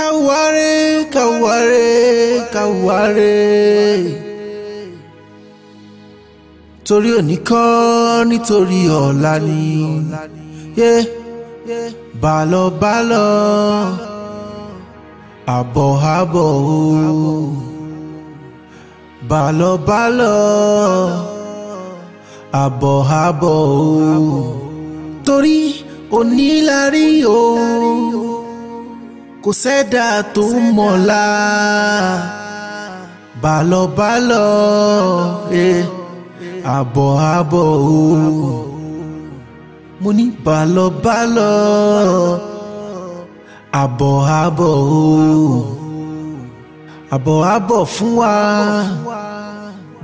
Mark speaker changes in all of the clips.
Speaker 1: Kaware, kaware, kaware. Torí òní kọ́ nítorí ọ̀la ni. Yeah. Bálọ̀ bálọ̀, àbọ̀ àbọ̀ o. Bálọ̀ bálọ̀, àbọ̀ àbọ̀ o. Torí òní la rí kò sẹ́dá tó mọ̀lá bálọ̀bálọ̀ e, àbọ̀ àbọ̀ o mo ní bálọ̀bálọ̀ àbọ̀ àbọ̀ o àbọ̀ àbọ̀ fún wa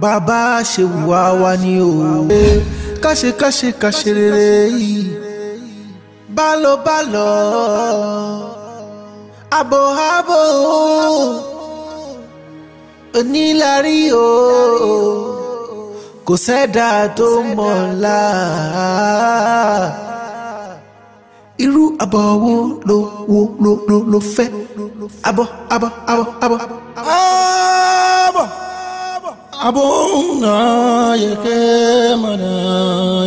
Speaker 1: bàbá ṣe wà wá ní o e, káṣe káṣe káṣe rere yìí bálọ̀bálọ̀. abo abo onílárí o kò sẹ́dá tó mọ̀lá irú abọ́ wo ló wo ló ló ló fẹ́ abọ́ abọ́ abọ́ abọ́ abọ́ abọ́ náà yẹ kẹ́ mọ̀ náà.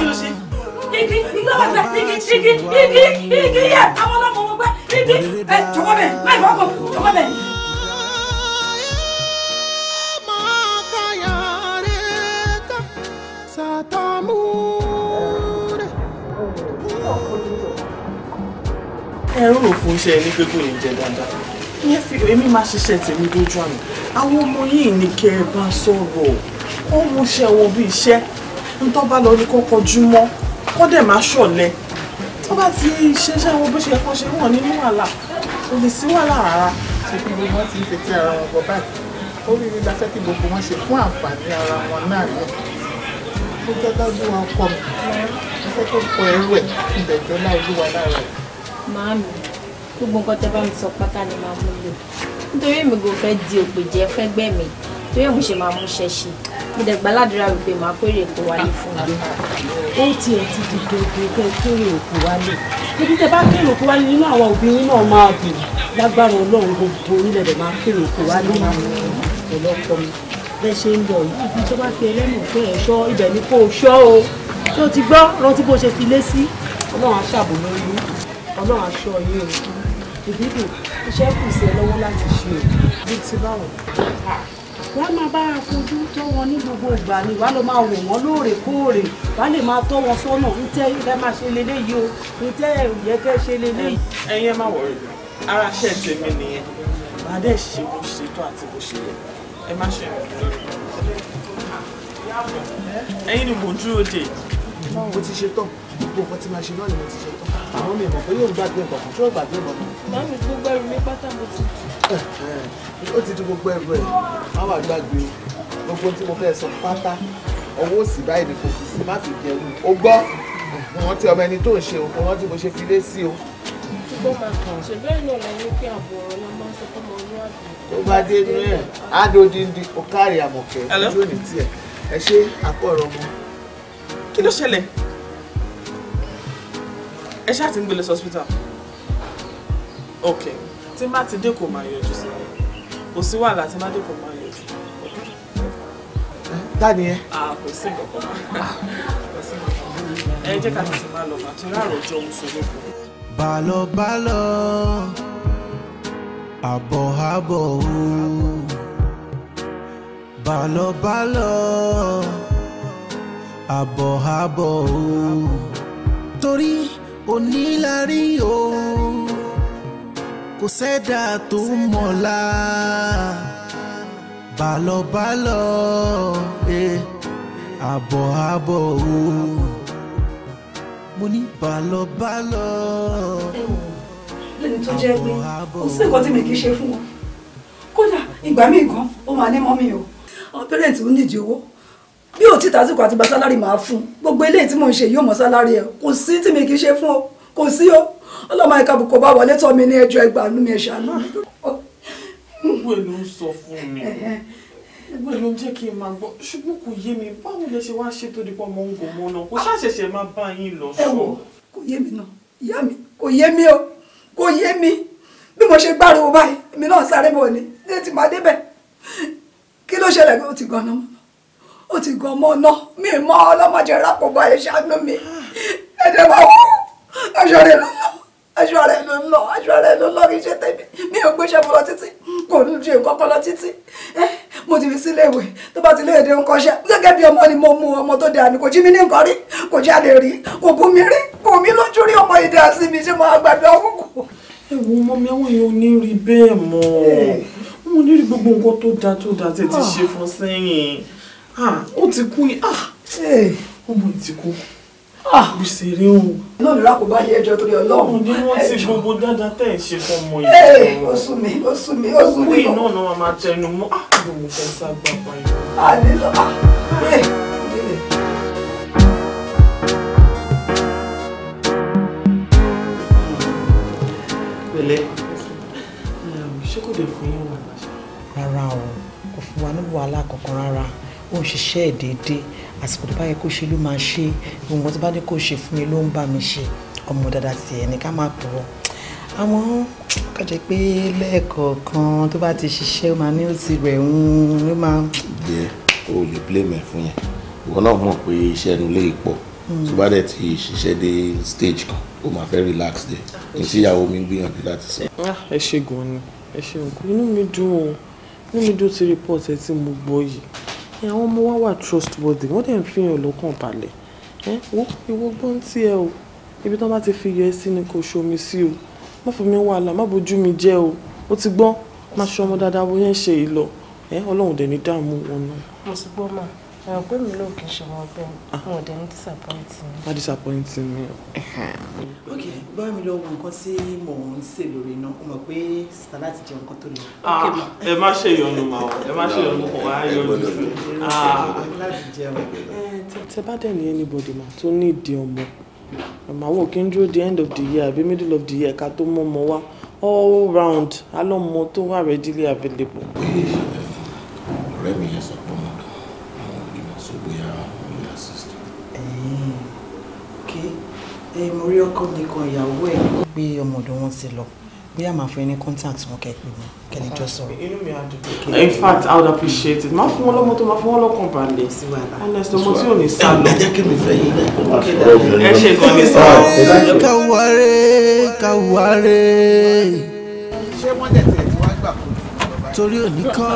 Speaker 2: yóò òfin iṣẹ́
Speaker 3: ẹni pé kò ní jẹ dáadáa ìyẹn fi èmi máa ṣiṣẹ́ tèmi dójú àmì àwọn ọmọ yìí ní kẹ́ ẹ bá sọ̀rọ̀ ọmọ iṣẹ́ wọn bí iṣẹ́ ń tọ́ bá lọ ní kọ́kọ́ júmọ́ kọ́ dẹ̀ má ṣọ̀lẹ tó bá ti ṣeṣẹ́ wọn bó ṣe kọ́ ṣe wọ́n nínú wàhálà kò lè sí wàhálà rárá. ṣe kí gbogbo wọn ti ń fetí ara wọn bọ báyìí ó rí
Speaker 4: rí dáfẹ́ kí gbogbo wọn ṣe fún àǹfààní ara wọn náà rẹ̀ ó jẹ́ dájú wa ọkọ
Speaker 5: mi mo fẹ́ kó pọ ẹrú ẹ̀ ìbẹ̀jọ́ náà olúwa lára rẹ̀.
Speaker 6: màámi gbogbo nǹkan tẹ́ bá mi sọ pátá ni màá mú lò nítorí èmi kò fẹ́ di òpèjẹ fẹ́gbẹ́ mi torí ẹ̀ mo ṣe máa mú ṣẹ́ṣe mo dẹ̀ gbàládùra wípé màá kórè èkó wálé fún mi.
Speaker 2: ó ti ẹ̀ ti di dandan kẹ́ ẹ kórè èkó wálé ibi tẹ bá kéré òkú wálé nínú àwọn òbí yín náà máa bì lágbára ọlọ́run gbogbo orílẹ̀ èdè máa kéré òkú wálé ọlọ́pọ̀ mi bẹ́ẹ̀ ṣe ń lọ yìí ibi tó bá fi ẹlẹ́nu fún ẹ̀ ṣọ́ ibẹ̀ ni kò ṣọ́ o ṣé o ti gbọ́ rántí bó ṣe fi lé sí ọlọ́run aṣàbò o
Speaker 4: ìdíbò iṣẹ́ kù sí ẹ lọ́wọ́ láti ṣe
Speaker 2: wàá máa bá fojú tọ́ wọn ní gbogbo ìgbà ni wàá lọ máa wò wọ́n lóòrèkóòrè wàá lè máa
Speaker 6: tọ́ wọn sọ́nà ntẹ́ ilẹ̀ máa ṣe leléyìí o ntẹ́ ìyẹn kẹ́ ṣe leléyìí.
Speaker 3: ẹyin ẹ má wọrí ara ṣe tèmi nìyẹn màá dẹ̀ ṣe bó ṣe tó àti bó ṣe yẹ ẹ má ṣe ẹyin ni mò ń dúró dè
Speaker 7: mo ti ṣe tán gbogbo nǹkan tí máa ṣe náà ni mo ti ṣe tán àmọ́ mi mọ̀ pé yóò gbàgbé nǹkan tí yóò gbàgbé nǹkan kan. màámi gbogbo ẹrù mi pátá mo ti. ó ti di gbogbo ẹrù ẹ̀ má
Speaker 5: wàá gbàgbé gbogbo tí mo fẹ́ sọ pátá ọwọ́ òsì báyìí ni kò fi sí má fi jẹun o gbọ́ wọn ti ọmọ ẹni tó ń ṣe o wọn ti mo ṣe fi lé sí o.
Speaker 2: tó
Speaker 7: bá dé inú ẹ̀ á dodindi o àmọ̀kẹ́ ojú òní tiẹ̀ ẹ ṣe àpọ̀ ọ̀rọ̀ mọ́. kí ló
Speaker 3: ṣẹlẹ̀? ẹ ṣáà ti ń gbé hospital ok tí má ti dé máa yọjú sí kò sí wàhálà tí má dé máa yọjú. dáàdì yẹn. kò sí nǹkan ẹ jẹ́ ká tètè máa lọ bá torí àròjọ òun ṣòro kù.
Speaker 1: bàlọ́ bàlọ́ àbọ̀ àbọ̀ ooo bàlọ́ torí onílárí o kò sẹ́dá tó mọ̀lá bálọ̀bálọ̀ e, àbọ̀ àbọ̀ o mo ní bálọ̀bálọ̀
Speaker 2: lẹ́ni tó jẹ́ pé kò sí nǹkan tí mi kì í ṣe fún wọn kódà ìgbà míì gan ó máa ní mọ́mí o àwọn pẹ́rẹ́ǹtì ń nídìí owó bí o ti tàsíkò àti gba sálárì máa fún gbogbo eléyìí tí mò ń ṣe yóò mọ sálárì ẹ kò sí tí mi kì í ṣe fún ọ kò sí o ọlọ́mọ ẹ̀ka bùkọ̀ bá wọlé
Speaker 4: tọ́ mi ní ẹjọ́ ẹgbàá nú mi ẹ̀ṣà náà. gbogbo èlò ń sọ fún mi
Speaker 3: gbogbo èlò ń jẹ́ kí n máa gbọ́ ṣùgbọ́n kò yé mi báwo lẹ ṣe wáá ṣètò dípọ̀ mọ́ ń gòmọ́ náà kò ṣàṣẹ̀ṣẹ̀ máa bá yín lọ sọ. ẹ wò
Speaker 4: kò yé mi náà ìyá mi kò yé mi o kò yé mi bí mo ṣe gbárùn báyìí èmi náà sáré bọ̀ ni ní ti máa débẹ̀ kí ló ṣẹlẹ̀ kó ti gan náà ó ti gan mọ́ ná mi mọ́ ọlọ́mọdé rápò báyìí
Speaker 2: ṣàánú mi ẹ̀dẹ̀ máa wú aṣọ rẹ̀ ló lọ aṣọ rẹ̀ ló lọ aṣọ rẹ̀ ló lọ kì í ṣe tẹ̀mí mi ò gbéṣẹ́ mo lọ títí kò ní ṣe nǹkan kan lọ títí mo ti fi sílé ìwé tó bá ti lé èdè nǹkan ṣe gẹ́gẹ́ bí ọmọ ni mo mú ọmọ tó dáa ni kò jí mi ní nǹkan rí
Speaker 4: kò já lè rí kò bú mi rí kò mí lójú rí ọmọ ìdá sí mi ṣé mo àgbàdo ọkùnkùn.
Speaker 3: ẹ̀wọ̀n ọmọ mi àwọn èèyàn ò ní rí bẹ́ẹ̀ mọ́
Speaker 4: wọn ò ní rí gbogbo nǹkan tó dáa
Speaker 3: tó dáa tẹ̀ ti ṣe fún sẹ́yìn. Ah, ó ti kú ah, yẹn ọmọ ti kú gbèsè ah. rí o. náà lóra kò bá yẹ ẹjọ́ torí Ọlọ́run ẹjọ́ ni wọ́n ti gbogbo dáadáa tẹ̀ ẹ ṣe fún ọmọ yìí. ó sún mi ó sún mi ó sún mi. òkú iná náà máa tẹnu mọ́ àbúrò mo fẹ́
Speaker 1: sá
Speaker 7: gbà
Speaker 4: ṣé kò dé fún yín wà.
Speaker 1: rárá o kò fún
Speaker 4: wa níbo wàhálà rárá ó ń ṣiṣẹ́ ẹ̀ àsìkò tó bá yẹ kó ṣe ló máa ṣe ohun tó bá ní kó ṣe fún mi ló ń bá mi ṣe ọmọ dáadáa sí ẹ̀ ní ká má purọ́ àmọ́ ká jẹ́ pé lẹ́ẹ̀kọ̀ọ̀kan tó bá ti ṣiṣẹ́ ó máa ní ó rẹ̀ ń ló
Speaker 1: máa.
Speaker 5: ǹjẹ́ o lè blame ẹ̀ fún yẹn ìwọ náà mọ̀ pé iṣẹ́ inú lè pọ̀ hmm. tó bá dẹ̀ ti ṣiṣẹ́ dé stage kan ó máa fẹ́ relax dé ní tíyàwó mi gbìyànjú láti sọ.
Speaker 3: Ah, ẹ ṣe gan ni ẹ ṣe nǹkan inú mi dùn o inú mi dùn ti report ẹ tí mo gbọ́ yìí àwọn ọmọ wa wà trustworthy wọ́n dẹ̀ ń fi hàn lọ́kàn balẹ̀ ẹ wo ìwọ gbọ́n tí ẹ o ibi tí wọ́n bá ti fi yọ ẹ sí ni kò ṣomi sí o má fún mi wàhálà má bójú mi jẹ́ o ó ti gbọ́n má ṣọmọ dáadáa bó yẹn ṣe ìlọ ẹ ọlọ́run dẹ̀ ní dààmú wọn náà.
Speaker 2: mo ti gbọ́ máa ẹ̀rọ pé mi ló kì í ṣe wọn bẹ́ẹ̀ ah. mo ò dẹ̀ ní disappoint
Speaker 4: mi. wọ́n
Speaker 3: disappoint mi.
Speaker 4: ok báwo mi lọ wo nǹkan tí mò ń sè lórí iná o mọ̀ pé sista láti jẹ nǹkan tó lọ. Ah, ẹ má ṣe ìyọnu mà ọ ẹ má ṣe ìyọnu kò wá yọjú ah. eh,
Speaker 3: tẹ bá dẹ̀ ní anybody mà tó ní ìdí ọmọ màmá wò kí n dúró the end of the year àbí middle of the year ká tó mọ́ ọmọ wá all round alọ́mọ tó wà readily available.
Speaker 5: ọ̀rẹ́ mi yẹn sọ pé ọmọdé so bóyá mo lè assist.
Speaker 4: ok ẹ mo rí ọkọ mi kan ìyàwó ẹ gbé ọmọ ọ̀dọ̀ wọn ti lọ bóyá màá fún ẹ ní contact wọn kẹ pé wọn jọ sọ̀rọ̀. inú mi á dùn kí. in fact
Speaker 3: I would appreciate it máa fún wọn lọ́mọ tó máa fún wọn lọ́kàn balẹ̀ honest ọmọ tí ò ní sá lọ. ẹ kí mi fẹ́ yín ẹ ṣe gan ni sá. Ah, káwáré
Speaker 1: káwáré. ṣé wọ́n dẹ̀ tẹ̀ tí wọ́n gbà kó. torí òní kọ́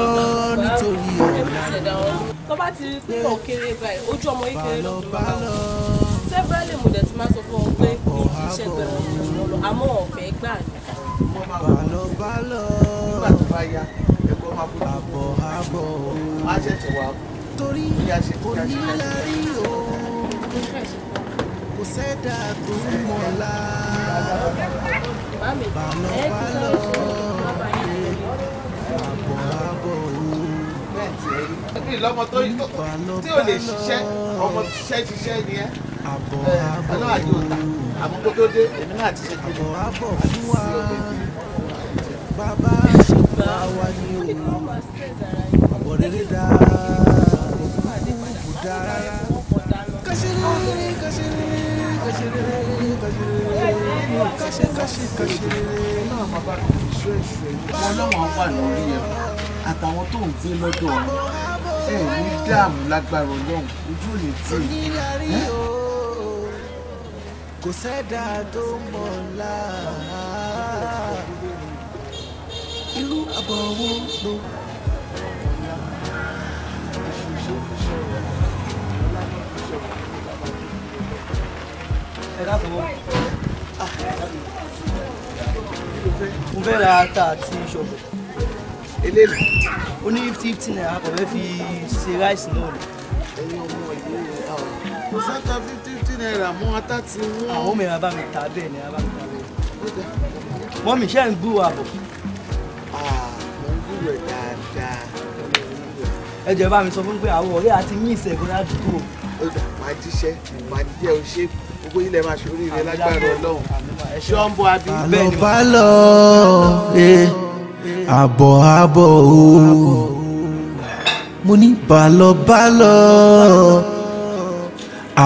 Speaker 1: nítorí ọ̀la
Speaker 2: tó bá ti rí pé òkèrè báyìí ojú ọmọ yìí kéré lọ́dún bá mo dẹ̀ ti máa sọ fún ọ pé mi kì í gbẹ̀rẹ̀ ìrànlọ́ lọ àmọ́ ọ̀fẹ́ gbà ní.
Speaker 1: nígbà tó bá yá ẹ̀kọ́ máa kú àbọ̀ àbọ̀ á ṣẹ̀ṣẹ̀ wá torí onílárí o kò sẹ́dá tó mọ̀lá balọ̀balọ̀.
Speaker 3: ní lọ́mọ tó tí ò lè ṣiṣẹ́ ọmọ ṣiṣẹ́ ṣiṣẹ́ ni ẹ́
Speaker 1: ọlọ́run àti òta àmọ́ kó tó dé èmi náà ti ṣe kéde. bàbá ṣègbà wa ni o ọ̀bọ̀ rere dáa kò dára kásìrì kásìrì
Speaker 7: wọn lọ́wọ́ wà lórí ẹ̀ àtàwọn tó ń gbé lọ́dọ̀
Speaker 1: ọ̀hún ẹ ní dààmú
Speaker 7: lágbára ọlọ́run ojú ò ní tì
Speaker 1: í. kò sẹ́dá tó mọ̀ ńlá irú àbọ̀ wo ló. Ah.
Speaker 7: mo fẹ́ ra ata àti ṣọ̀bọ̀ eléèlú ó ní fifty fifty naira kò fi ṣe ráìsì náà lò. ẹyin ọmọ fifty fifty naira mú ata ti wọ́n. àwọn ọmọ ìyá mi ta bẹ́ẹ̀ ni bá mi ta bẹ́ẹ̀. wọ́n mi ṣe ń gbúrò àbọ̀. Ah, mo ń gbúrò ẹ̀ dáadáa. ẹ jẹ́ bá mi sọ fún pé àwọn ọ̀rẹ́ àti mí ìṣẹ̀gun ládùúgbò. ó dà máa jíṣẹ́ máa jíjẹ́ o ṣe gbogbo ilẹ̀ máa ṣoríire lágbára ọlọ́run. ṣọ́ńbù abí
Speaker 5: bẹ́ẹ̀ ni.
Speaker 1: Eh àbọ̀ àbọ̀ ooo mo ní bálọ̀bálọ̀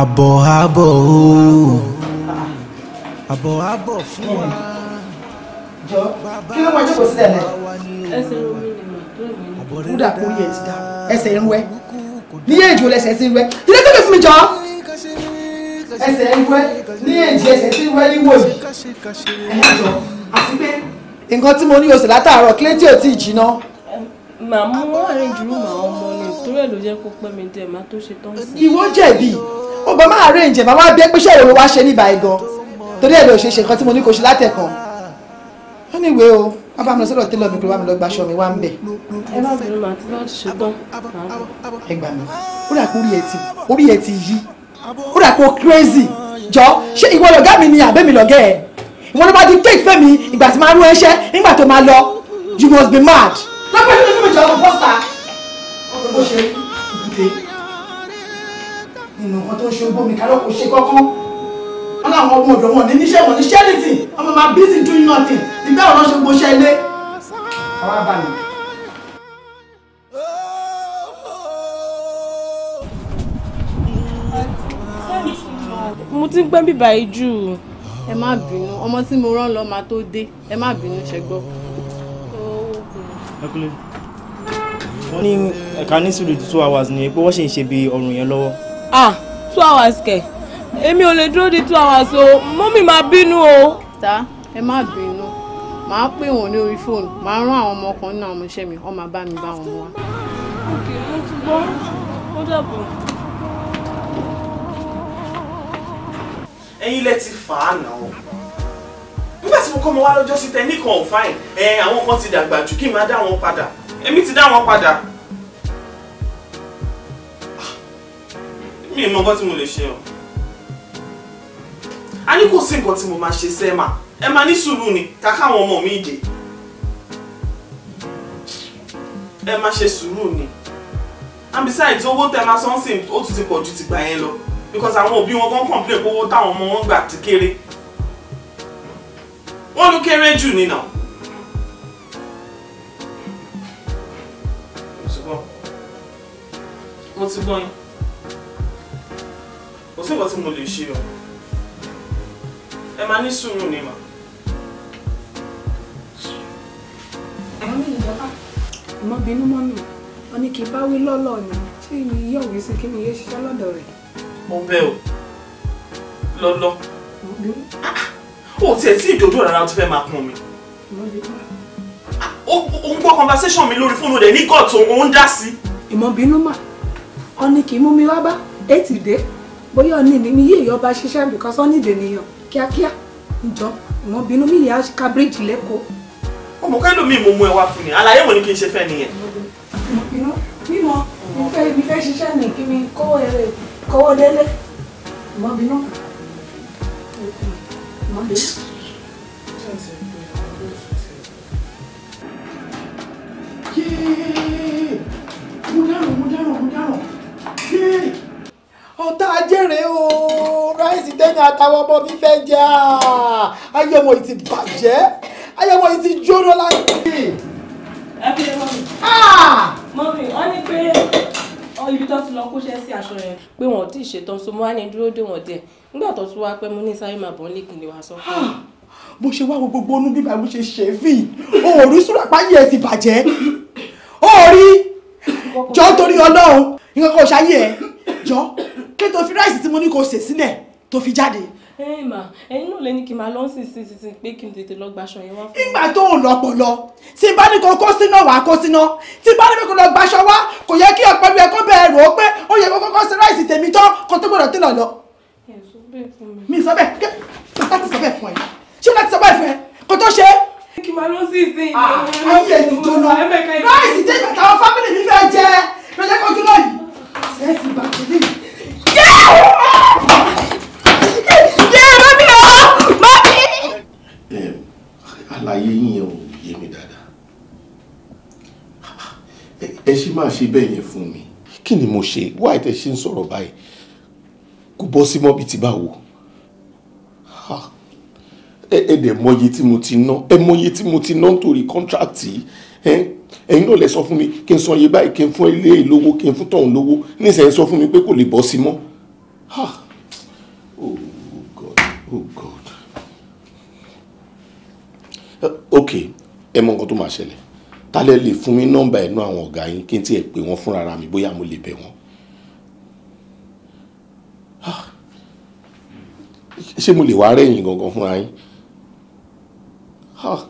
Speaker 1: àbọ̀ àbọ̀ ooo àbọ̀ àbọ̀ fún wa.
Speaker 4: jọ kí ló máa jókòó sílẹ̀ náà.
Speaker 2: ẹsẹ̀ omi ni mà tó ìwé
Speaker 4: ni. kúdà kó yẹ ti dá ẹsẹ̀ ń wẹ́ ní èjì olè ẹsẹ̀ sí ń ilé tó lè fún mi jọ ẹsẹ̀ ń wẹ́ ní èjì ẹsẹ̀ sí ń ní wòlíì
Speaker 1: ẹ̀yà jọ àti pé
Speaker 4: nǹkan tí mo ní oṣù látàárọ̀ kílé tí ò tí ì jìnnà.
Speaker 2: màá mú arrange room àwọn ọmọ ni torí ẹ̀ ló jẹ́ kó pẹ́ mi tẹ̀ máa tó ṣe tán sí. ìwọ jẹ̀bi
Speaker 4: ó bá máa arrange màá wá bí ẹgbẹ́sẹ̀ ìwé wá ṣe níbàá gan torí ẹ̀ ló ṣe ṣe nǹkan tí mo ní kò ṣe látẹ̀kàn. wọ́n ní ìwé o wọ́n bá mi lọ sọ́dọ̀ tẹ́lọ̀ mi kúrò wá mi lọ gbaṣọ mi wá ń bẹ̀.
Speaker 2: ẹ má bẹ̀rù màá ti lọ ṣetán. ẹ gbà mí
Speaker 4: ó dà kó orí ẹ ti yí ó dà kó mi ni ìwọ ló bá di kéèkì fẹ́ mi ìgbà tí máa rú ẹṣẹ́ nígbà tó máa lọ you must be mad. lọ́pọ̀ ìṣẹ́jú fún mi jọ̀ọ́ bọ́sà ọ̀pọ̀ bó ṣe ibùdó nínú nǹkan tó ń ṣe ogbómi kárọ̀ kò ṣe kọ́kọ́ wọn làwọn ọmọ ọ̀dọ̀ wọn ní níṣẹ́ wọn ní ṣẹ́rìtì ọmọ máa busy doing nothing nígbà wọn ṣe gbóṣẹ ilé
Speaker 2: mo ti ń gbẹ́ bíbá yìí ẹ má bínú ọmọ tí mo rán lọ máa tó dé ẹ má bínú ṣe gbọ́. wọ́n ní
Speaker 4: ẹ̀ka ní sùúrù two hours ni pé wọ́n ṣì ń ṣe bí ọrùn yẹn lọ́wọ́.
Speaker 2: ah two hours kẹ èmi ò lè dúró di two hours o mọ́mì máa bínú o. ta ẹ má bínú màá pè wọ́n ní orí fóònù màá rán àwọn ọmọ kan nínú àwọn ọmọọṣẹ́ mi wọ́n máa bá mi bá wọn wá. ó dàbọ̀.
Speaker 3: ẹ̀yin lẹ ti fà á nà ọ́ nígbà tí mo kọ́ mọ wá lọ́jọ́ sí tẹ́ní kan ò fáìn ẹ̀ àwọn kan ti dàgbà jù kí n máa dá wọn padà èmi ti dá wọn padà mi ì mọ nǹkan tí mo lè ṣe o a ní kò sí nǹkan tí mo máa ṣe sẹ́ẹ̀mà ẹ máa ní sùúrù ni kàkà àwọn ọmọ mi dé ẹ máa ṣe sùúrù ni and besides owó tẹ máa sọ́nsìn ó tún ti pọ̀ ju tìgbà yẹn lọ because àwọn òbí wọn gan complain pé owó táwọn ọmọ wọn gbà ti kéré wọ́n ló kéré jù nínà. mo ti gbọ́ yín kò sí nǹkan tí mo lè ṣe o ẹ máa ní sùúrù ni mà.
Speaker 8: ọmọ bínú mọ́ mi wọn ni kì í bá wí lọ́lọ́ ni ṣé ìyá òwe sí kí ni iye ṣiṣẹ́ lọ́dọ̀ rẹ̀
Speaker 3: mo bẹ̀ ọ́ lọ́lọ́ ah, o tiẹ̀ tí ìdòdó rárá tó fẹ́ máa pọn mi
Speaker 4: ah, o ń gbọ́ conversation mi lórí fóònù rẹ̀ ní gọ́ọ̀tù òun ń dá sí.
Speaker 2: ìmọ̀ bínú mà ọ̀nì kì í mú mi wá bá ètì dé bóyá ọ̀nì mi ní yíyọ bá ṣiṣẹ́ because ọ̀nì dènìyàn kíákíá ìjọ ìmọ̀ bínú mi yà á ká bíríìjì lẹ́kọ̀ọ́.
Speaker 3: ọmọ kẹ́lò mi mo mú ẹ wá fún mi àlàyé wo ni kí n ṣe fẹ́ nìyẹn.
Speaker 8: ìmọ̀ bínú mímọ mi fẹ́ ṣiṣẹ́ mi kí mi kó ẹrẹ́ kọ́wọ́ délé má bínú
Speaker 3: má Ma
Speaker 4: mo dáràn mo dáràn mo dáràn ọ̀tá ajẹ́rẹ́ o ráìsì tẹ́ni àtàwọn ọmọ mi fẹ́ jẹ́ ayé ọmọ yìí ti bàjẹ́ ayé ọmọ
Speaker 2: yìí ti jóná láti. ẹ fi lè mọ mi. mọ mi ọ ní pé ibi tó ti lọ kóṣẹ́ sí aṣọ yẹn pé wọn ò tí ì ṣetán so mo wá ní dúró dé wọn díẹ̀ nígbà tó tún wá pẹ́ mo ní sáré màá bọ̀ nílé kìnìún wa sọ fún mi.
Speaker 4: bó ṣe wá wo gbogbo inú bíbá bó ṣe ṣe fì o ò rí sùúrù àpáyé ẹ ti bàjẹ́ o ò rí jọ torí Ọlọ́run nǹkan kan ṣáyé ẹ jọ kí tó fi ráìsì tí mo ní kó ṣe sílẹ̀ tó fi jáde
Speaker 2: ẹ mà ẹ̀yin náà lẹni kí n máa lọ sí sí sí pé kí n tètè lọ gbaṣọ yẹn wá fún mi. ìgbà
Speaker 4: tó ò lọ́pọlọ tí bá ní kó kó síná wàá kó síná tí bá ní kó lọ gbaṣọ wá kò yẹ kí ọ̀pẹ mi ẹ̀kọ́ bẹ̀rẹ̀ rò ó pé ó yẹ kó kọ́kọ́ sí ráìsì tèmi tán kó tó gbọ́dọ̀ tí lọ lọ. mi sọ bẹ́ẹ̀ pátá ti sọ bẹ́ẹ̀ fún ẹ ṣé láti sọ bẹ́ẹ̀ fún ẹ kó tó ṣe. kí n máa lọ sí sí ìyẹn ah, ráìsì tèmi àtàwọn fámìlì mi fẹ́ jẹ lọ́jọ́
Speaker 5: àlàyé yín yẹn ò yé mi dáadáa ẹ ṣe máa ṣe bẹ́ẹ̀ yẹn fún mi. kí ni mo ṣe wá ìtẹ̀ ṣe ń sọ̀rọ̀ báyìí kò bọ́ sí mọ́bí tí bá wò ẹ dẹ̀ mọye tí mo ti ná ẹ mọye tí mo ti ná nítorí kọ́ńtráàtì ẹ̀yin náà lẹ sọ fún mi kí n san iye báyìí kí n fún ilé ìlówó kí n fún tọ̀hún lówó nísìnyí sọ fún mi pé kò lè bọ́ sí mọ́.
Speaker 7: oh god oh god
Speaker 5: ok ẹ mọ nǹkan tó máa ṣẹlẹ̀ tálẹ̀ lè fún mi nọ́mbà ẹ̀nu àwọn ọ̀gá yín kí n tiẹ̀ pè wọ́n fúnra mi bóyá mo lè bẹ̀ wọ́n. Ah, ṣé mo lè wá rẹ́yìn gangan fúnra yín. mo ah.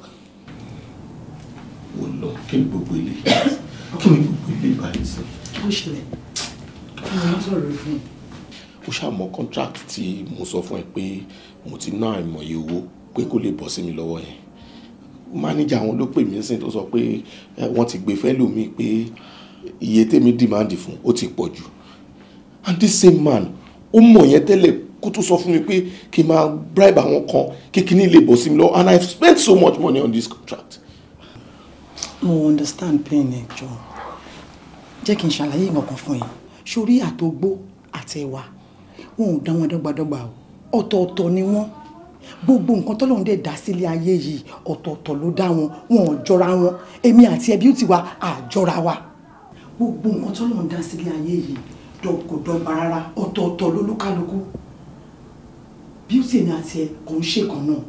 Speaker 5: lọ kí ni gbogbo ilé kí ni gbogbo ilé ìbáyìí sí.
Speaker 9: ó ṣẹlẹ̀ kí ni wọ́n sọ̀rọ̀ fún un.
Speaker 5: ó ṣàmọ́ contract tí mo sọ fún ẹ pé mo ti ná àìmọye owó pé kó lè bọ́ sí mi lọ́wọ́ yẹn mánìjà wọn ló pè mí sìn tó sọ pé wọ́n ti gbé fẹ́ lómi pé iye tèmi dìmáàndì fún ó ti pọ̀ jù and this same man ó mọ̀ yẹn tẹ́lẹ̀ kó tó sọ fún mi pé kí n máa bribe àwọn kan kí kinní lè bọ̀ sí mi lọ and I spent so much money on this contract.
Speaker 4: mo understand pain ẹ jọ jẹ́ kí n ṣàlàyé ìmọ̀kan fún yín sórí àtògbó àtẹ̀wà wọn ò dá wọn dọ́gbadọ́gba o ni wọ́n gbogbo nǹkan tọ́lọ́run dẹ̀ dá sílé ayé yìí ọ̀tọ̀ọ̀tọ̀ ló dá wọn wọn ò jọra wọn èmi àti ẹbí ti wa àjọra wa gbogbo nǹkan tọ́lọ́run dá sílé ayé yìí kò dọ́gba rárá ọ̀tọ̀ọ̀tọ̀ lólúkálukú bí ó sì ní àti ẹ kò ń ṣèkan náà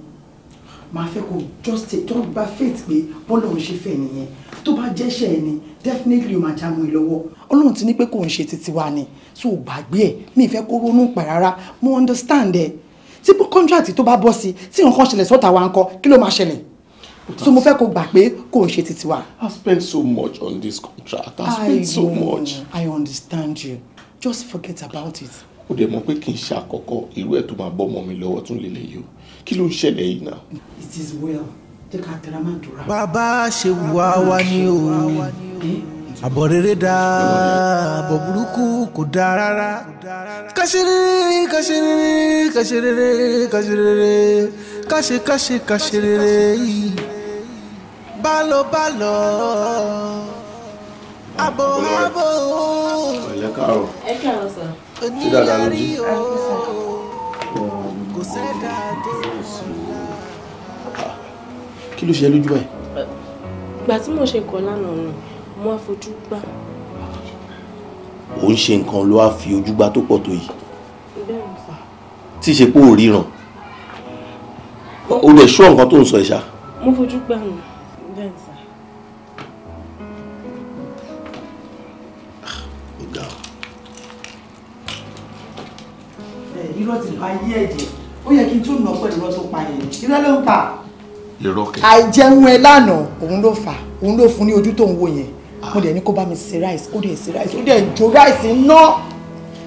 Speaker 4: máa fẹ́ kó just take tó gba faith pé bọ́lọ́run ṣe fẹ́ nìyẹn tó bá jẹ́ṣẹ́ ẹ ni definitely o máa já mọ́ ẹ lọ́wọ́ ọlọ́run ti ní pé kò ń ṣe títí wa ni so gbàgbé ẹ mi ì fẹ́ kó ronú pẹ̀ rárá mo understand ẹ. Eh tí kọ́ńtrátì tó bá bọ́ sí tí nǹkan ṣẹlẹ̀ sọ́tà wa ńkọ́ kí ló máa ṣẹlẹ̀ so
Speaker 5: mo fẹ́ kó gbà pé kò ń ṣe títí wa. I spent so much on this contract I spent so much. I understand you just forget about it. ó dẹ̀ mọ̀ pé kì í ṣe àkọ́kọ́ irú ẹ̀ tó máa bọ́ ọmọ mi lọ́wọ́ tún lè lè o kí ló ń ṣẹlẹ̀ yìí náà.
Speaker 1: it is well jẹ́ ká tẹ̀ra máa dùn ra. bàbá ṣe wà wá ní òun. Eh? àbọ̀ rere dá àbọ̀ burúkú kò dá rárá kàṣerere kàṣerere kàṣerere kàṣerere kàṣe kàṣe kàṣerere yìí bálọ bálọ àbọ̀ àbọ̀ oníyàrí o kò sẹ́dá tó
Speaker 5: kí ló ṣe lójú ẹ̀.
Speaker 2: ìgbà tí mo ṣe kọ́ lánàá náà mo wá fojú gbà.
Speaker 5: ò ń ṣe nǹkan ló wá fi ojú gbà tó pọ̀ tó yìí. bẹ́ẹ̀ sà. tí ṣe pé ò o lè ṣó nǹkan tó ń sọ ẹ̀ ṣá.
Speaker 2: mo fojú gbà nù bẹ́ẹ̀ sà.
Speaker 4: irọ́ ti ba ayé ẹ̀jẹ̀ ó yẹ kí n tún nà pẹ̀lú irọ́ tó pa yẹn irọ́ ló ń pa.
Speaker 7: irọ́ kẹ. àìjẹun
Speaker 4: ẹ lánàá òun ló fà òun ló fún ní ojú tó ń wò yẹn mo dẹ̀ ní kó bá mi ṣe rice ó dẹ̀ ṣe rice ó dẹ̀ jó rice ná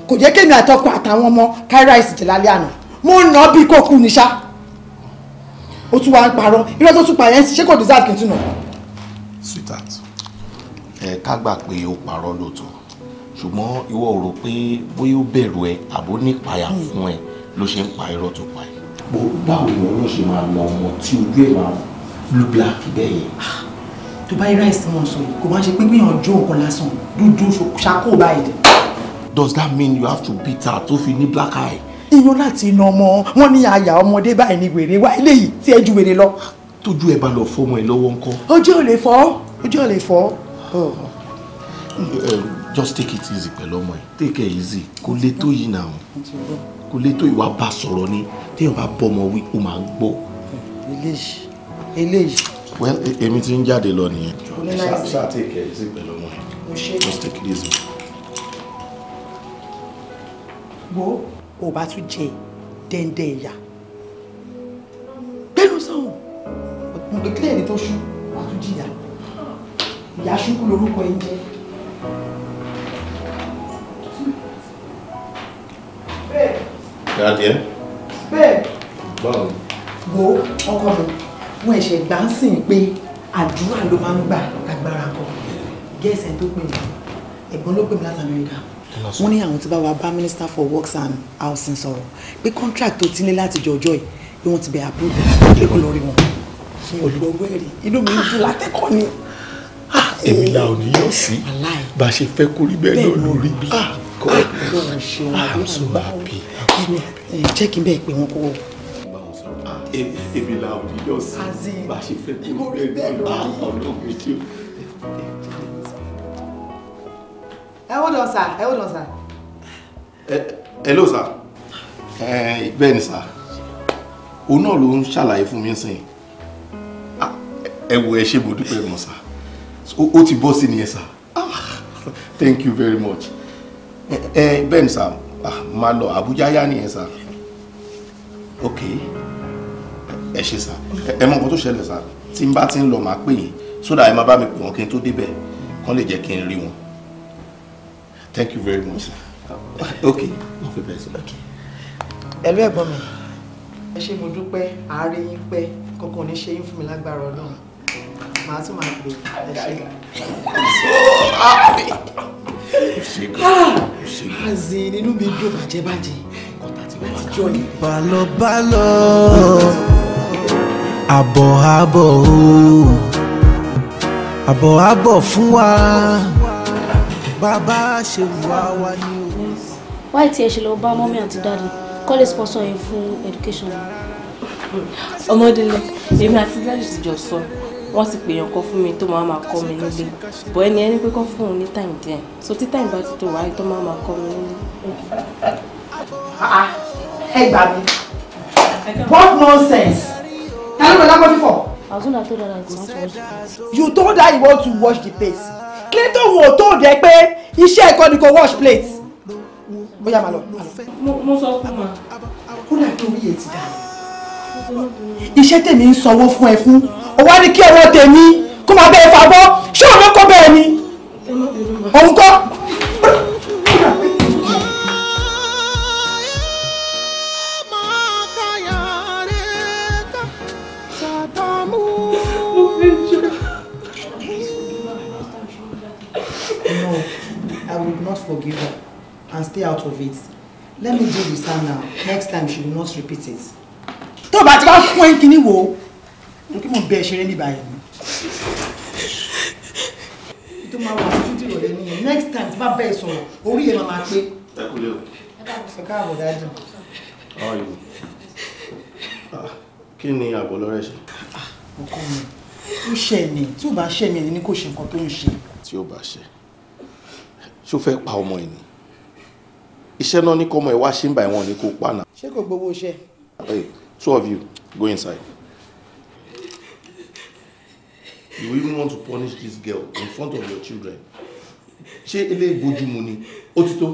Speaker 4: kò jẹ́ kémi àtọkọ àtàwọn ọmọ ká rice jẹ lálẹ́ àná mo nà bí kò kú ni ṣá ó tún wá ń parọ́ irọ́ tó tún pa yẹn ṣé kò deserve kí n tún nà. sweetheart
Speaker 5: ẹ ká gbà pé ó parọ́ lóòótọ́ ṣùgbọ́n ìwọ rò pé bóyá ó bẹ̀rù ẹ àbó nípayà fún ẹ ló ṣe ń pa irọ́ tó pa ẹ. báwo ni ọlọ́ṣẹ́ máa na ọmọ tí ojú ẹ̀ máa blue black bẹ́ẹ̀ yẹn
Speaker 4: tó bá irá ìsìn wọn sọ yìí kò máa ṣe pé gbìyànjú nǹkan lásán dúdú ṣàkó báyìí.
Speaker 5: does that mean you have to beat her tó fi ní black eye.
Speaker 4: iyán láti iná ọmọ wọn ní àyà ọmọdé báyìí ni wèrè wá eléyìí tí ẹ ju wèrè lọ.
Speaker 5: tójú ẹ bá lọ fọmọ ẹ lọ́wọ́ ńkọ́.
Speaker 4: ojú ò lè fọ́ ojú ò lè fọ́.
Speaker 5: Eh, just take it easy pẹ̀lú ọmọ ẹ take it easy kò lè tó yìí náà kò lè tó ìwà bá sọ̀rọ̀ ni téèyàn bá bọ́ ọmọ wí ó máa ń gbọ́.
Speaker 7: eléyìí eléyìí
Speaker 5: well e- èmi ti ń jáde lọ nìyẹn. sáà tí ìkẹ́ ẹ̀ sí pẹ̀lú ọmọ yẹn just take it easy. wo ò bá tún jẹ
Speaker 4: dẹ́ndẹ́ ìyá gbẹ́nu sọ̀hún ògbẹ́kílẹ̀ ẹni tó ṣú wàá tún jìyà ìyá ṣubú lórúkọ ẹ̀ ń jẹ́. Bẹ́ẹ̀. Báwo. Wo ọkọ mi wọn ẹ̀ṣẹ̀ gbà ń sìn pé àdúrà ló máa ń gbà lágbára kan gẹ́ẹ̀sì tó pè mí ẹ̀gbọ́n ló pè mí láti Amẹ́ríkà wọ́n ní àwọn tí bá wa bá minister for works and housing sọ̀rọ̀ pé contract tó ti ní láti jọ ọjọ́ yìí pé wọ́n ti bẹ̀ approve pé kò lọ rí wọn ṣe olùgbọ́gbọ́ ẹ̀rí inú mi ń dùn látẹ́kọ̀ọ́ ni. Ah, oh. èmi la
Speaker 5: ò ní yọ sí bá a ṣe fẹ́ kó rí bẹ́ẹ̀ náà lórí bí. Ah, ọlọ́run ah, ṣeun àbí ọlọ́run bá wọ jẹ́ kí n bẹ́ẹ̀ pé èmi là ò nílò sí bá ṣe fẹ́ kó rí bẹ́ẹ̀ lórí ọ̀rọ̀ mi tí ó.
Speaker 4: ẹ hold on sir ẹ hold on sir.
Speaker 5: hello sir bẹ́ẹ̀ ni sir òun náà ló ń ṣàlàyé fún mi sìn ah, ẹ wo ẹ ṣe mo dúpẹ́ mọ́ sir ó ti bọ́ sí nìyẹn sir ah, thank you very much bẹ́ẹ̀ ni sir ah, máa lọ Àbújá yá nìyẹn sir okay ẹ ṣe sà ẹ mọ nǹkan tó ṣẹlẹ̀ sà tí n bá ti ń lọ màá pè yín sódà ẹ má bá mi pè wọn kí n tó débẹ̀ kán lè jẹ́ kí n rí wọn thank you very much sir ok mo fi bẹ̀ sọ. ẹ̀lú ẹ̀gbọ́n
Speaker 4: mi ẹ ṣé mo dúpẹ́ àárẹ̀ yín pẹ́ kókó ní ṣe yín fún mi lágbára ọlọ́run màá tún máa pè é ẹ ṣé. azin ah, inú mi dùn bàjẹ́ bàjẹ́ kọ́tà tí wọ́n ti jọ ní.
Speaker 1: balọ̀ balọ̀ àbọ̀ àbọ̀ o àbọ̀ àbọ̀ fún wa bàbá ṣe wà wá ní o.
Speaker 2: wáyé tí ẹ ṣe lọ bá mọ́mí àti dáàdì kọ́lé sponsor yìí fún education. ọmọdélé èmi àti dáàdì ti jọ sọ wọ́n ti pèèyàn kan fún mi tó máa máa kọ́ mi nílé bọ́ ẹni ẹni pé kọ́ fún òun ní táìmù díẹ̀ so tí táìmù bá ti tó wáyé tó máa máa kọ́ mi nílé. Ah, ah, ẹ gbà mí what nonsense. Can you go that for? Azuna told her that it's not to wash the plates. You
Speaker 4: told her you want to wash the plates. Clayton wo told her pé iṣẹ́ call ni kò wash plates.
Speaker 2: Bóyá màá lọ. Mo sọ kuma. ma. Kódà
Speaker 4: kí orí yẹn ti dà. Iṣẹ́ tèmi ń sanwó fún ẹ fún. Ó wá ní kí ọwọ́
Speaker 2: tèmi kó máa bẹ́ẹ̀ fà bọ́. Ṣé òun ló kọ́ bẹ́ẹ̀ ni?
Speaker 4: Òun kọ́. not forgive her and stay out of it let me deal with her now next time she will not repeat it. tó o bá ti wá fún ẹ kíní wo mo kí mo bẹ ẹ ṣeré ní báyìí. tó máa wà títí tí ìrọ̀lẹ́ nìyẹn next time tí bá bẹ́ẹ̀ sọ̀rọ̀ orí yẹn máa pé. ẹ kò lè o. ẹ káàbọ̀ dájú.
Speaker 1: ọyọ
Speaker 5: ah, kí ni àbọ̀ lọ́rẹ́ ṣe. Ah,
Speaker 4: ọkọ mi ó ṣe ẹ̀mí tí ò bá ṣe ẹ̀mí ẹni ni kò ṣe nǹkan tó ń ṣe.
Speaker 5: tí ò bá ṣe ṣó fẹ́ pa ọmọ ẹ̀ ni iṣẹ́ náà ní kọ́mọ ẹ̀ wá ṣe ń bá ẹ̀wọ̀n ní kó pa náà.
Speaker 4: ṣé kò gbowó iṣẹ́.
Speaker 5: hey two of you go inside. you even want to punish this girl in front of your children ṣé eléyìí bójúmu ni ó ti tó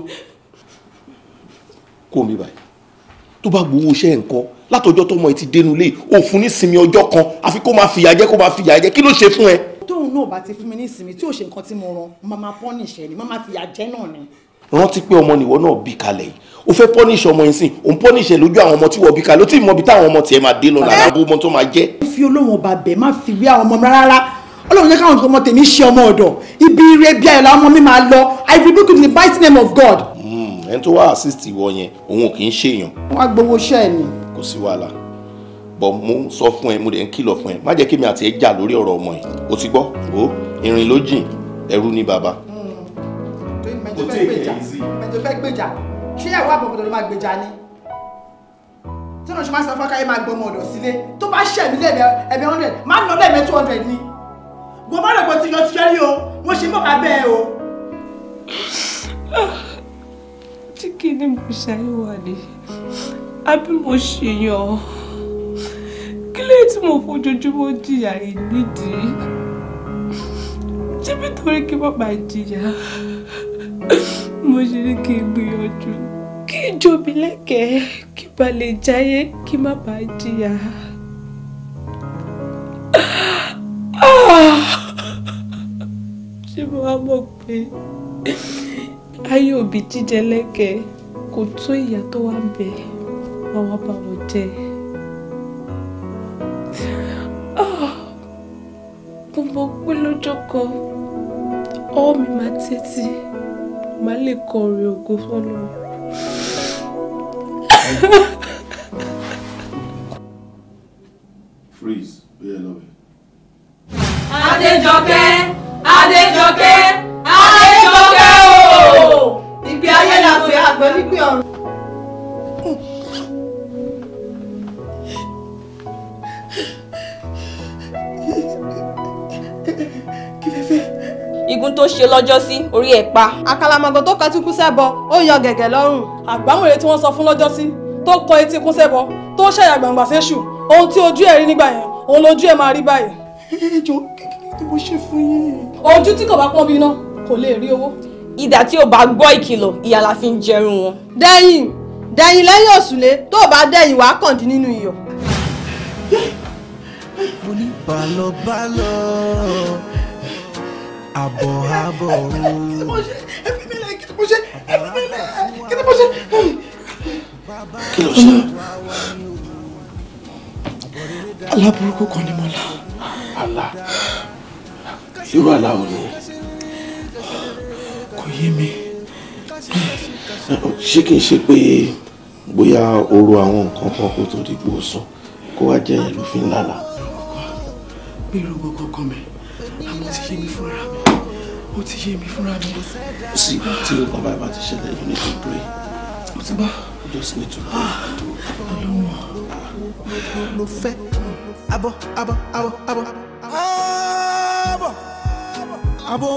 Speaker 5: kó mi báyìí tó bá gbowó iṣẹ́ nǹkan látọjọ́ tọmọ ẹ ti dénú lé òfun ní sinmi ọjọ́ kan àfi kó máa fìyà jẹ kó máa fìyà jẹ kí ló ṣe fún ẹ
Speaker 4: tóun náà bá ti fún mi ní ìsinmi tí ò ṣe nǹkan tí mo rán màmá pọ́nìṣẹ́ ni màmá fìyà jẹ náà ni.
Speaker 5: rántí pé ọmọ nìwọ náà bí kalẹ̀ yìí o fẹ́ pọ́nìṣ ọmọ yẹn sìn òun pọ́nìṣ lójú àwọn ọmọ tí wọ́n bí kalẹ̀ ó tí mọ ibi táwọn ọmọ tiẹ̀ máa dé lọ́la àbó ọmọ tó máa jẹ́.
Speaker 4: fi olóhùn ọba bẹ̀ má fi wí àwọn ọmọ rárá ọlọ́run jẹ́ káwọn ọmọ tèmi ṣe ọmọ ọ̀dọ̀ ibi ire bí ayọ̀lá ọmọ mi máa lọ i rebuke in the mighty name of god.
Speaker 5: Hmm, ẹni tó wá assist ìwọ yẹn òun ò kì í ṣèyàn.
Speaker 4: wọ́n á gbowó iṣẹ́ ẹ̀
Speaker 5: ni. kò sí wàhálà bọ̀ mo ń sọ fún ẹ mo dẹ̀ ń kìlọ̀ fún ẹ má jẹ́ kémi àti ẹ jà lórí ọ̀rọ̀ ọmọ ẹ o ti gbọ́ o ìrìn ló jìn ẹrú ní bàbá. Hmm.
Speaker 4: mẹjọ fẹ́ gbèjà mẹjọ fẹ́ gbèjà ṣé ìyàwó àbọ̀bọ̀dọ̀ ló máa gbèjà ni tí wọn ṣe máa ń sọ fún akáyé máa gbọmọ ọ̀dọ̀ sílé tó bá ṣẹ̀ mí lẹ́ẹ̀mẹ ẹ̀mẹ hundred máa ń lọ two hundred ni gbọ́n bá lọ́gbọ́n ti yọ ti yọrí o wọ́n ṣe mọ́ka bẹ́ẹ̀ o.
Speaker 8: tí kí ni mo ṣàyẹ̀wò àlè àbí mo ṣèyàn kí tí mo fojoojúmọ́ jìyà rẹ̀ nídìí ṣé nítorí kí wọ́n máa jìyà mo ṣe ní kí n gbìyànjú kí n jòbí lẹ́kẹ̀ẹ́ kí n bá lè jáyé kí n má bàa jìyà. ṣé mo wá mọ̀ pé ayé òbí jíjẹ lẹ́kẹ̀ẹ́ kò tó ìyà tó wà ń bẹ wọ́n wá bá wọn jẹ́ mo mọ̀ pé lọ́jọ́ kan ọwọ́ mi máa tètè má lè kọ orin ògo fọ́nà.
Speaker 2: freeze bí ẹ ooo ìgbé ayé làgbé
Speaker 6: àgbẹ̀ wípé ọ̀run.
Speaker 2: ogun tó ṣe lọ́jọ́sí orí ẹ̀ pa. àkàlàmàgò tó katukú sẹ́bọ ó yọ gẹ̀gẹ̀ lọ́rùn. àgbáwòye tí wọ́n sọ fún lọ́jọ́sí tó kọ etí kún sẹ́bọ tó ṣàyà gbàǹgbà séṣù ohun tí ojú ẹ̀ rí nígbà yẹn òun lójú ẹ̀ máa rí báyìí. ẹ jọ kékeré tí mo ṣe fún yín. ojú tí kò bá pọ́n bí iná kò lè rí owó. idà tí ò bá gbọ́ ìkìlọ̀ ìyà fi ń jẹrun wọn. dẹ́yìn dẹ́yìn lẹ́yìn òṣùlé tó bá dẹ́yìn wàá kàn dín nínú iyọ̀.
Speaker 1: oníbàlọ́bàlọ́ àbọ̀ àbọ̀ o. kí kan ni mo lá. àlá
Speaker 5: irú àlá ò ní. kò yé mi. ṣé kìí ṣe pé bóyá oru àwọn nǹkan kan kó tó di pé ó sùn kó wá jẹ́ ìlú fi ń lálàá. bí irú gbogbo kan mi
Speaker 4: àmọ́ ti yé mi fúnra mi ó ti yé mi fúnra mi.
Speaker 5: sí tí o bàbá ìbá ti ṣẹlẹ̀ you need to pray. mo ti bá. you just need to pray.
Speaker 1: mo fẹ́ abọ́ abọ́ abọ́ abọ́. abọ́ abọ́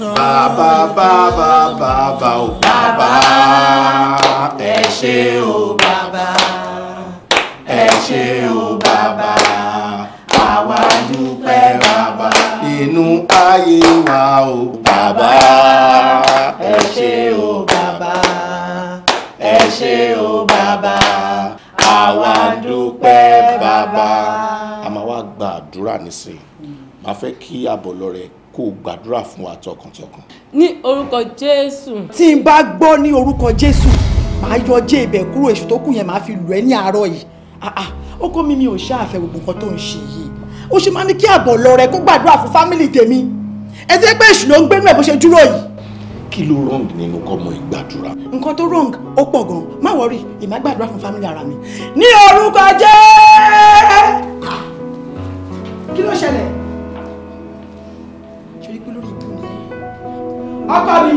Speaker 1: náà. bàbá bàbá
Speaker 5: bàbá ò bàbá ẹ ṣé o bàbá ẹ ṣé o bàbá. ayé wa o bàbá ẹ ṣé o bàbá
Speaker 1: ẹ ṣé o bàbá
Speaker 5: àwa dúpẹ́ bàbá. a máa wá gba àdúrà nísìnyí máa fẹ́ kí àbọ̀lọ́ rẹ kó o gbàdúrà fún wa tọkàntọkàn.
Speaker 2: ní orúkọ jésù.
Speaker 4: tí n bá gbọ́ ní orúkọ jésù màá yọ jẹ́ ibẹ̀ kúrò èṣù tó kù yẹn màá fi lù ẹ́ ní àárọ̀ yìí ah, ah. ó mi mi ò ṣáà fẹ́ gbogbo nǹkan tó ń ṣe yìí ó ṣe máa ní kí àbọ̀ lọ rẹ kó gbàdúrà fún fámìlì tèmi ẹ ti pé èṣù ló ń gbénu ẹ bó ṣe dúró yìí.
Speaker 5: kí ló wrong nínú kọ́mọ ìgbàdúrà.
Speaker 4: nǹkan tó wrong ó pọ̀ gan má wọrí ìmá gbàdúrà fún fámìlì ara mi
Speaker 5: ní orúkọ jẹ́
Speaker 4: kí ló ṣẹlẹ̀ ṣe rí lórí ìbùn mi
Speaker 1: ọkọ mi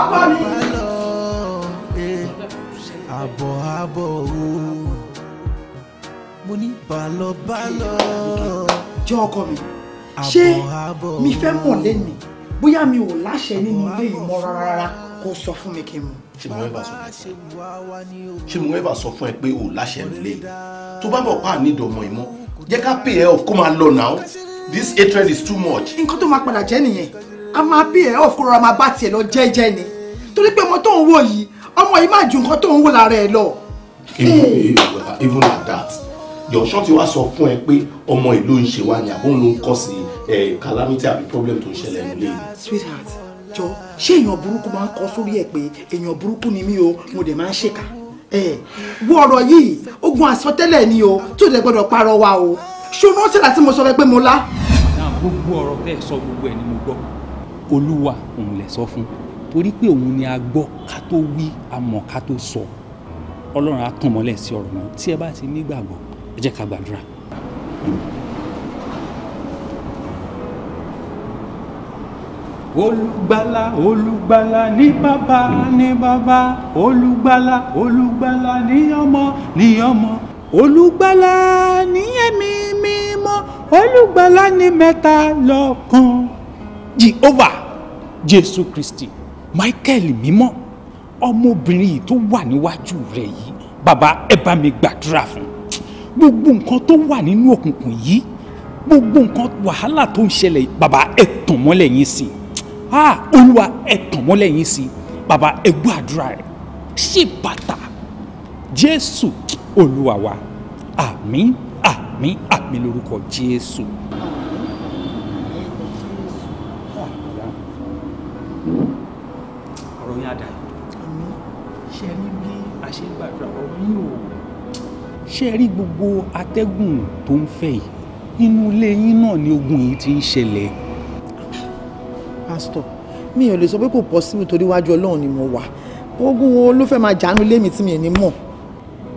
Speaker 1: ọkọ mi. àbọ̀ àbọ̀ òun mo ní. balọ̀ balọ̀. jẹ́ ọkọ mi
Speaker 4: ṣé mi fẹ́ mọ̀ lẹ́nu bóyá mi ò láṣẹ nínú ilé yìí mọ́ rárá kó sọ fún mi kí n mọ̀
Speaker 5: ṣe mo ẹ̀bà sọ fún ẹ ṣe mo ẹ̀bà sọ fún ẹ pé o láṣẹ nílé tó bá bọ̀ pa ànídọ̀ ọmọ ìmọ̀ jẹ́ ká pay ẹ off kó máa lọ now this hatred is too much.
Speaker 4: nǹkan tó máa padà jẹ́ nìyẹn a máa pay ẹ off kó rọra máa bá tiẹ̀ lọ jẹ́jẹ́ ni torí pé ọmọ tó ń wò yìí ọmọ yìí máa ju nǹkan tó ń wò lára ẹ lọ.
Speaker 5: even even at that jọ̀ṣọ́ ti wá sọ fún ẹ pé ọmọ ìlú ń ṣe wá ni àbóhùn ló ń kọ́ sí calamity àbí problem tó ń ṣẹlẹ̀ nílé sweetheart
Speaker 4: jọ ṣé èèyàn burúkú máa ń kọ sórí ẹ pé èèyàn burúkú ni mí o mo dẹ̀ máa ń ṣèkà wo ọ̀rọ̀ yìí ogun àsọtẹ́lẹ̀ ni o tó dẹ̀ gbọ́dọ̀ parọ́ wa o ṣòro ó ṣẹlẹ̀ tí mo sọ fẹ́ pé mo lá.
Speaker 9: gbogbo ọ̀rọ̀ tẹ́ ẹ sọ gbogbo ẹ̀ ni mo gbọ́ olúwa òun lè sọ fún torí pé òun ni a gbọ́ ká tó wí a mọ̀ ká tó sọ ọlọ́run á tàn mọ́lẹ̀ sí ọ̀rọ̀ náà tí ẹ bá ti nígbàgbọ́ ẹ jẹ́ ká gbàdúrà. olùgbàlà olùgbàlà ní bàbá ní bàbá olùgbàlà olùgbàlà ní ọmọ ní ọmọ olùgbàlà ní ẹ̀mí mímọ́ olùgbàlà ní mẹ́ta lọ́kan. jehovah jésù kristi michael mímọ́ ọmọbìnrin yìí tó wà níwájú rẹ yìí bàbá ẹ bá mi gbàdúrà fún gbogbo nǹkan tó wà nínú òkùnkùn yìí gbogbo nǹkan wàhálà tó ń ṣẹlẹ̀ bàbá ẹ tàn mọ́lẹ̀ yín sí ah olúwa ẹ tàn mọ́lẹ̀ yín sí bàbá ẹ gbọ́ àdúrà rẹ̀ ṣe bàtà jésù olúwa wa àmín àmín àmín lórúkọ jésù. ọ̀rọ̀ yín á dà ṣe ní bí a ṣe ń gbàdúrà ọ̀rọ̀ yín ò ṣé ẹ rí gbogbo atẹ́gùn tó ń fẹ́ yìí inú ilé yín náà ni ogun yìí ti ń ṣẹlẹ̀. pásítọ̀ mi ò lè sọ pé kò possible torí
Speaker 4: wájú ọlọ́run ni mo wà ogun wo ló fẹ́ máa jánu lémi tí mi ò ní mọ̀.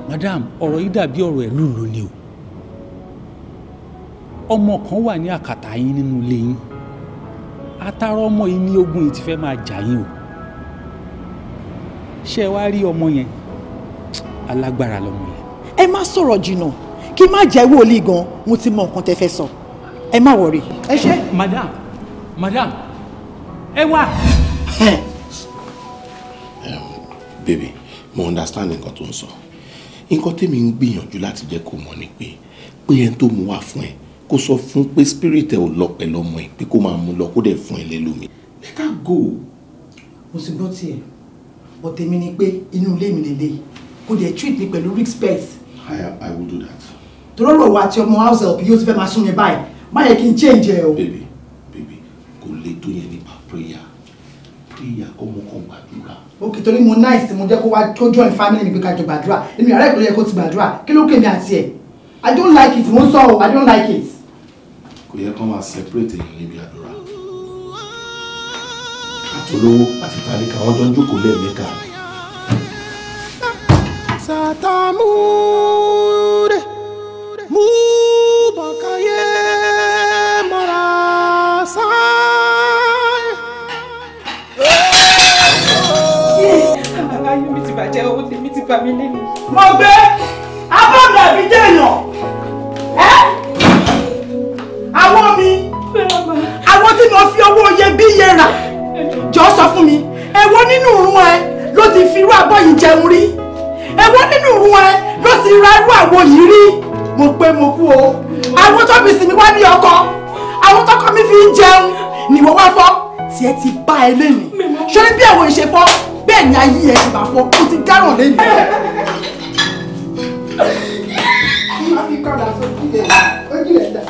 Speaker 9: madam ọ̀rọ̀ yìí dàbí ọ̀rọ̀ ẹ̀ lùlù ni o ọmọ kan wà ní àkàtà yín nínú ilé yín atara ọmọ yìí ní ogun yìí ti fẹ́ máa jà yín o ṣé ẹ wá rí ọmọ yẹn alágbára lọmọ yẹn
Speaker 4: ẹ má sọ̀rọ̀ jìnnà kí má jẹ́ wòlíì gan mo ti mọ nǹkan tẹ́ fẹ́ sọ ẹ má
Speaker 5: wọrí.
Speaker 9: ẹ ṣe. madam madam ẹ wá. Um,
Speaker 5: baby mo understand nǹkan tó ń sọ nǹkan tèmi ń gbìyànjú láti jẹ́ kó mọ̀ ni pé pé ẹni tó mú wá fún ẹ kó sọ fún pé spirit ẹ ò lọ pẹ̀lú ọmọ ẹ pé kó máa mú lọ kó dẹ̀ fún ẹ lẹ́lómi. let her go. mo
Speaker 4: ti gbọ́ tiẹ̀ ọ̀tẹ̀mi ni pé inú ilé mi lè le kó dẹ̀ treat mi pẹ̀lú respect I, I will do that. Tomorrow, what your ọmọ house help yóò ti fẹ́ máa sún mi báyìí. Má yẹ kí n
Speaker 5: change ẹ o. Bébì bébì kò lè tó yẹn nípa prayer prayer ọmọ
Speaker 4: kan Okay, Òkè torí mo nice mo jẹ́ kó wá join family and be ká jọ gbàdúrà. And àárẹ̀ kò yẹ kó ti gbàdúrà. Kí ló kèmi àti ẹ̀? I don't like it. Mo ń I don't like it.
Speaker 5: Kò yẹ come máa separate in Libya, àdúrà. Àtolówó àti tàlíkà don't jọ go lay lẹ́ẹ̀mẹ́ka.
Speaker 1: Satamure Mubakaye Morasai
Speaker 8: Aláyé mi
Speaker 4: ti bàjẹ́ owó tèmi ti bà mí lẹ́nu. Mo gbé abọ́dà bí dèèyàn. Àwọn mi, àwọn tí mo fi owó iyebíye rà, jọ sọ fún mi, èwo nínú ìrún ẹ Lo ti firu irú abọ́ yìí jẹun rí? èwo nínú ìrun ẹ ló ti ra irú àwo yìí rí mo pé mo kú o àwọn tó fi sinmi wá ní ọkọ àwọn tọkọ mi fi ń jẹun nìwọ wá fọ tiẹ ti bá ẹ lẹ́nu ṣọlẹ bí àwọn ìṣe fọ bẹ́ẹ̀ ni ayé ẹ ti bà fọ kó ti dáràn lẹ́nu.
Speaker 1: Ojú rẹ̀ dá, ojú rẹ̀ dá,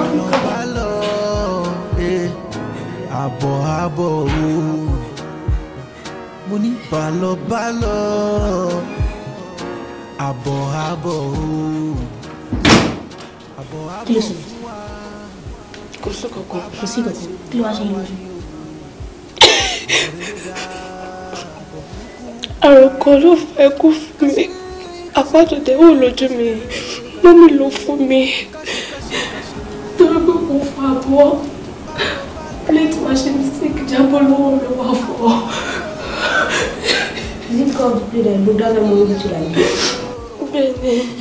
Speaker 1: ojú rẹ̀ dá àbọ̀ àbọ̀ mo ní. bálọ̀bálọ̀ àbọ̀ àbọ̀ o. kí ló sọ
Speaker 8: kò sí kankan kò sí kankan kí ló wá ṣe yín lójú. àròkọ ló fẹ́ kú fún mi àpàtúndé wò lójú mi mọ́mí ló fún mi torí pé kò fà bọ́ plate washing stick jábọ́ lọ́wọ́ mi wà fọ́ is it play that broke that's why mo move it to like this.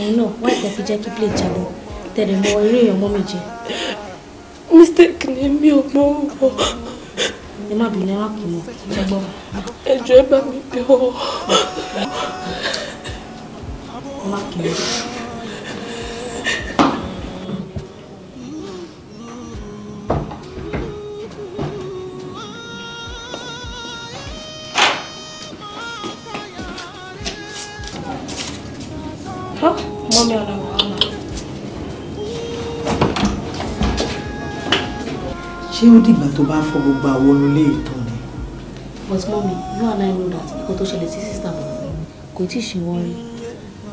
Speaker 2: ẹ
Speaker 6: náà wá ìtẹ̀ fi jẹ́ kí play
Speaker 2: jábọ̀ tẹ̀lé mọ eré èèyàn mọ́ mi jẹ. mistake ni mi ò mọ wọ. ẹ má bínú ẹ má kì í
Speaker 8: mọ ṣẹgbọn. ẹjọ ẹ
Speaker 4: ṣé ó dìgbà tó bá fọ gbogbo àwọn olólè ìtàn ni.
Speaker 2: but mọ́mi you and I know that ikọ̀ tó ṣẹlẹ̀ sí sísá mọ́ kò tí ì ṣe wọ́n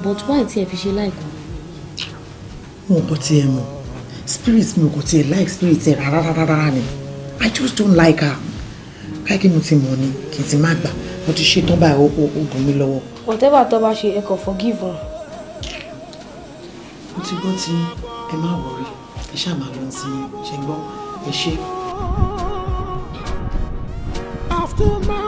Speaker 6: but why tí ẹ fi ṣe láìpẹ́.
Speaker 4: wọn kò tiẹ̀ mọ̀ spirit mi kò tiẹ̀ like spirit ẹ̀ rárá rárá rárá ni I just don't like her káàkiri mo ti mọ̀ ni kì í ti má gbà mo ti ṣetán báyìí ó dùn mí lọ́wọ́.
Speaker 2: whatever tó bá ṣe ẹ kàn forgive her. mo ti gbọ́ tí ẹ má wọrí ẹ ṣáà
Speaker 1: máa lọ sí ṣe gbọ́. ẹ she? after my.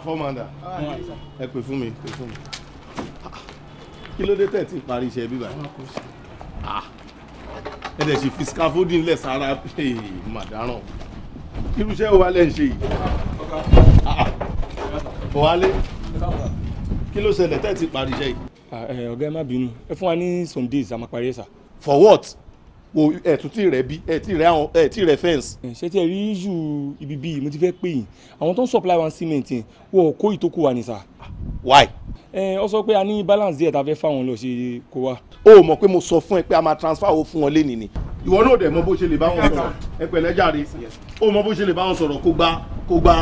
Speaker 5: fọ́mọ̀dà ẹ pè fún mi pè fún mi kí ló dé tẹ̀ tí parí iṣẹ́ bíbá ah. ẹ dẹ̀ sì fi scaffolding lẹ̀ sára màdáràn irú iṣẹ́ wa lẹ́ ń ṣe yìí ah. wálé kí ló ṣẹlẹ̀ tẹ̀ tí parí iṣẹ́ yìí. Ah, eh, ọ̀gá ẹ má bínú ẹ fún wa ní some days a máa parí ẹ̀ sà. for what wo ẹ̀tún tí rẹ̀ bí ẹ̀tí rẹ̀ àwọn ẹ̀tí rẹ̀ fẹ́ǹsì. ṣé tí ẹ rí iṣu ibi bíi mo ti fẹ́ pè yín àwọn tó ń supply one cement yẹn wọ́n kó ìtókù wa ní sà. why. ẹ ọ sọ pé a ní balance díẹ̀ tá a fẹ́ fáwọn lọ ṣe kó wa. o mọ̀ pé mo sọ fún ẹ pé a máa transfer owó fún wọn lénìí ni. ìwọ náà dẹ̀ mọ bó ṣe lè bá wọn sọ̀rọ̀ ẹ pẹ̀lẹ́ jàre o mọ bó ṣe lè bá wọn sọ̀rọ̀ kó gba kó gba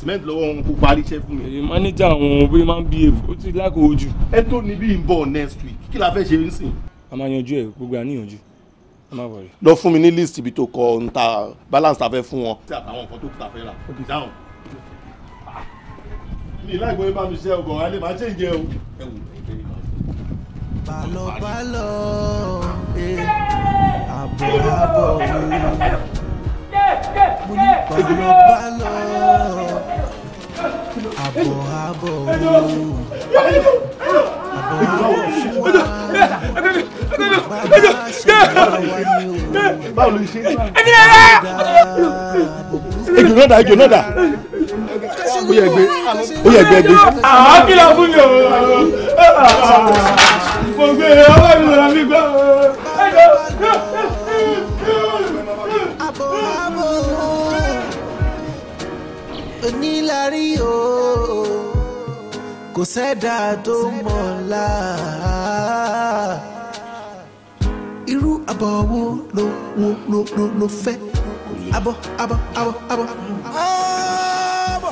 Speaker 5: cement lọ́wọ́ wọn kó parí iṣẹ́ fún mi. èyí mánéjà àwọn òbí máa ń bí èèfù ó ti lákòó jù. ẹ tó ní bí n bọ̀ next week kí la fẹ́ ṣe ń sìn. a máa yanjú ẹ gbogbo àníyànjú lọ fún mi ní list ibi tó kọ nta balance ta fẹ́ fún wọn. tí àtàwọn nǹkan tó kù ta fẹ́ rà ó ti dáhùn. mi láìpẹ́ yín bá mi ṣe ọgọ̀ alẹ́ máa ṣe ìjẹ o.
Speaker 1: balọ̀balọ̀ àbọ̀ àbọ̀ mi mo ní balọ̀balọ̀
Speaker 8: àbọ̀ àbọ̀ ooo àbọ̀ àbọ̀
Speaker 3: fún wa bàbá ṣàlàyé wa ni o
Speaker 7: báwo ló ṣe é ejò náà dà ejò náà dà ó yẹ gbé ó yẹ gbé gbé. àwọn kìlọ̀ fún mi o
Speaker 1: mo gbé ọwọ́ mi lọ́la mi gbọ́. onílárí o kò sẹ́dá tó mọ̀lá irú abọ́ wo ló wo ló ló ló fẹ́ abọ́ abọ́ abọ́ abọ́ abọ́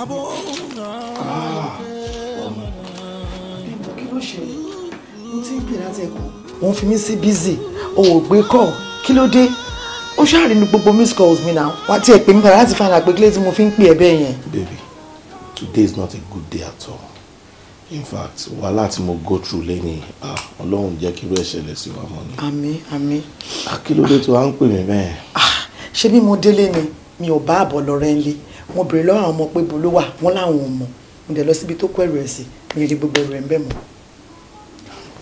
Speaker 1: abọ́
Speaker 4: kí ló ṣe mo ti ń pè láti ẹ̀kọ́. wọ́n fi mí sí bízì o ò gbé kọ́ kí ló dé ó ṣáà rí nu gbogbo miss calls mi náà wá tí ẹ pè mí padà láti fàánà pé kílẹ̀ mo fi ń pè ẹ bẹ́ẹ̀ yẹn.
Speaker 5: baby today is not a good day at all in fact wàhálà tí mo go through lẹ́yìn ah, ọlọ́run jẹ́ kí bẹ́ẹ̀ ṣẹlẹ̀ sí wa mọ́ ni.
Speaker 4: àmín àmín.
Speaker 5: akílódé ah, tó wá ń pè mí bẹ́ẹ̀. Ah,
Speaker 4: ṣé bí mo délé ni mi ò bá àbọ̀ lọ rẹ́ ń lé mo bèrè lọ́wọ́ àwọn ọmọ pé bo ló wà wọ́n láwọn ò mọ̀ mo dẹ̀ lọ síbi tó kó ẹrù ẹ̀ mi rí gbogbo ẹrù ẹ̀ ń bẹ̀ mọ́.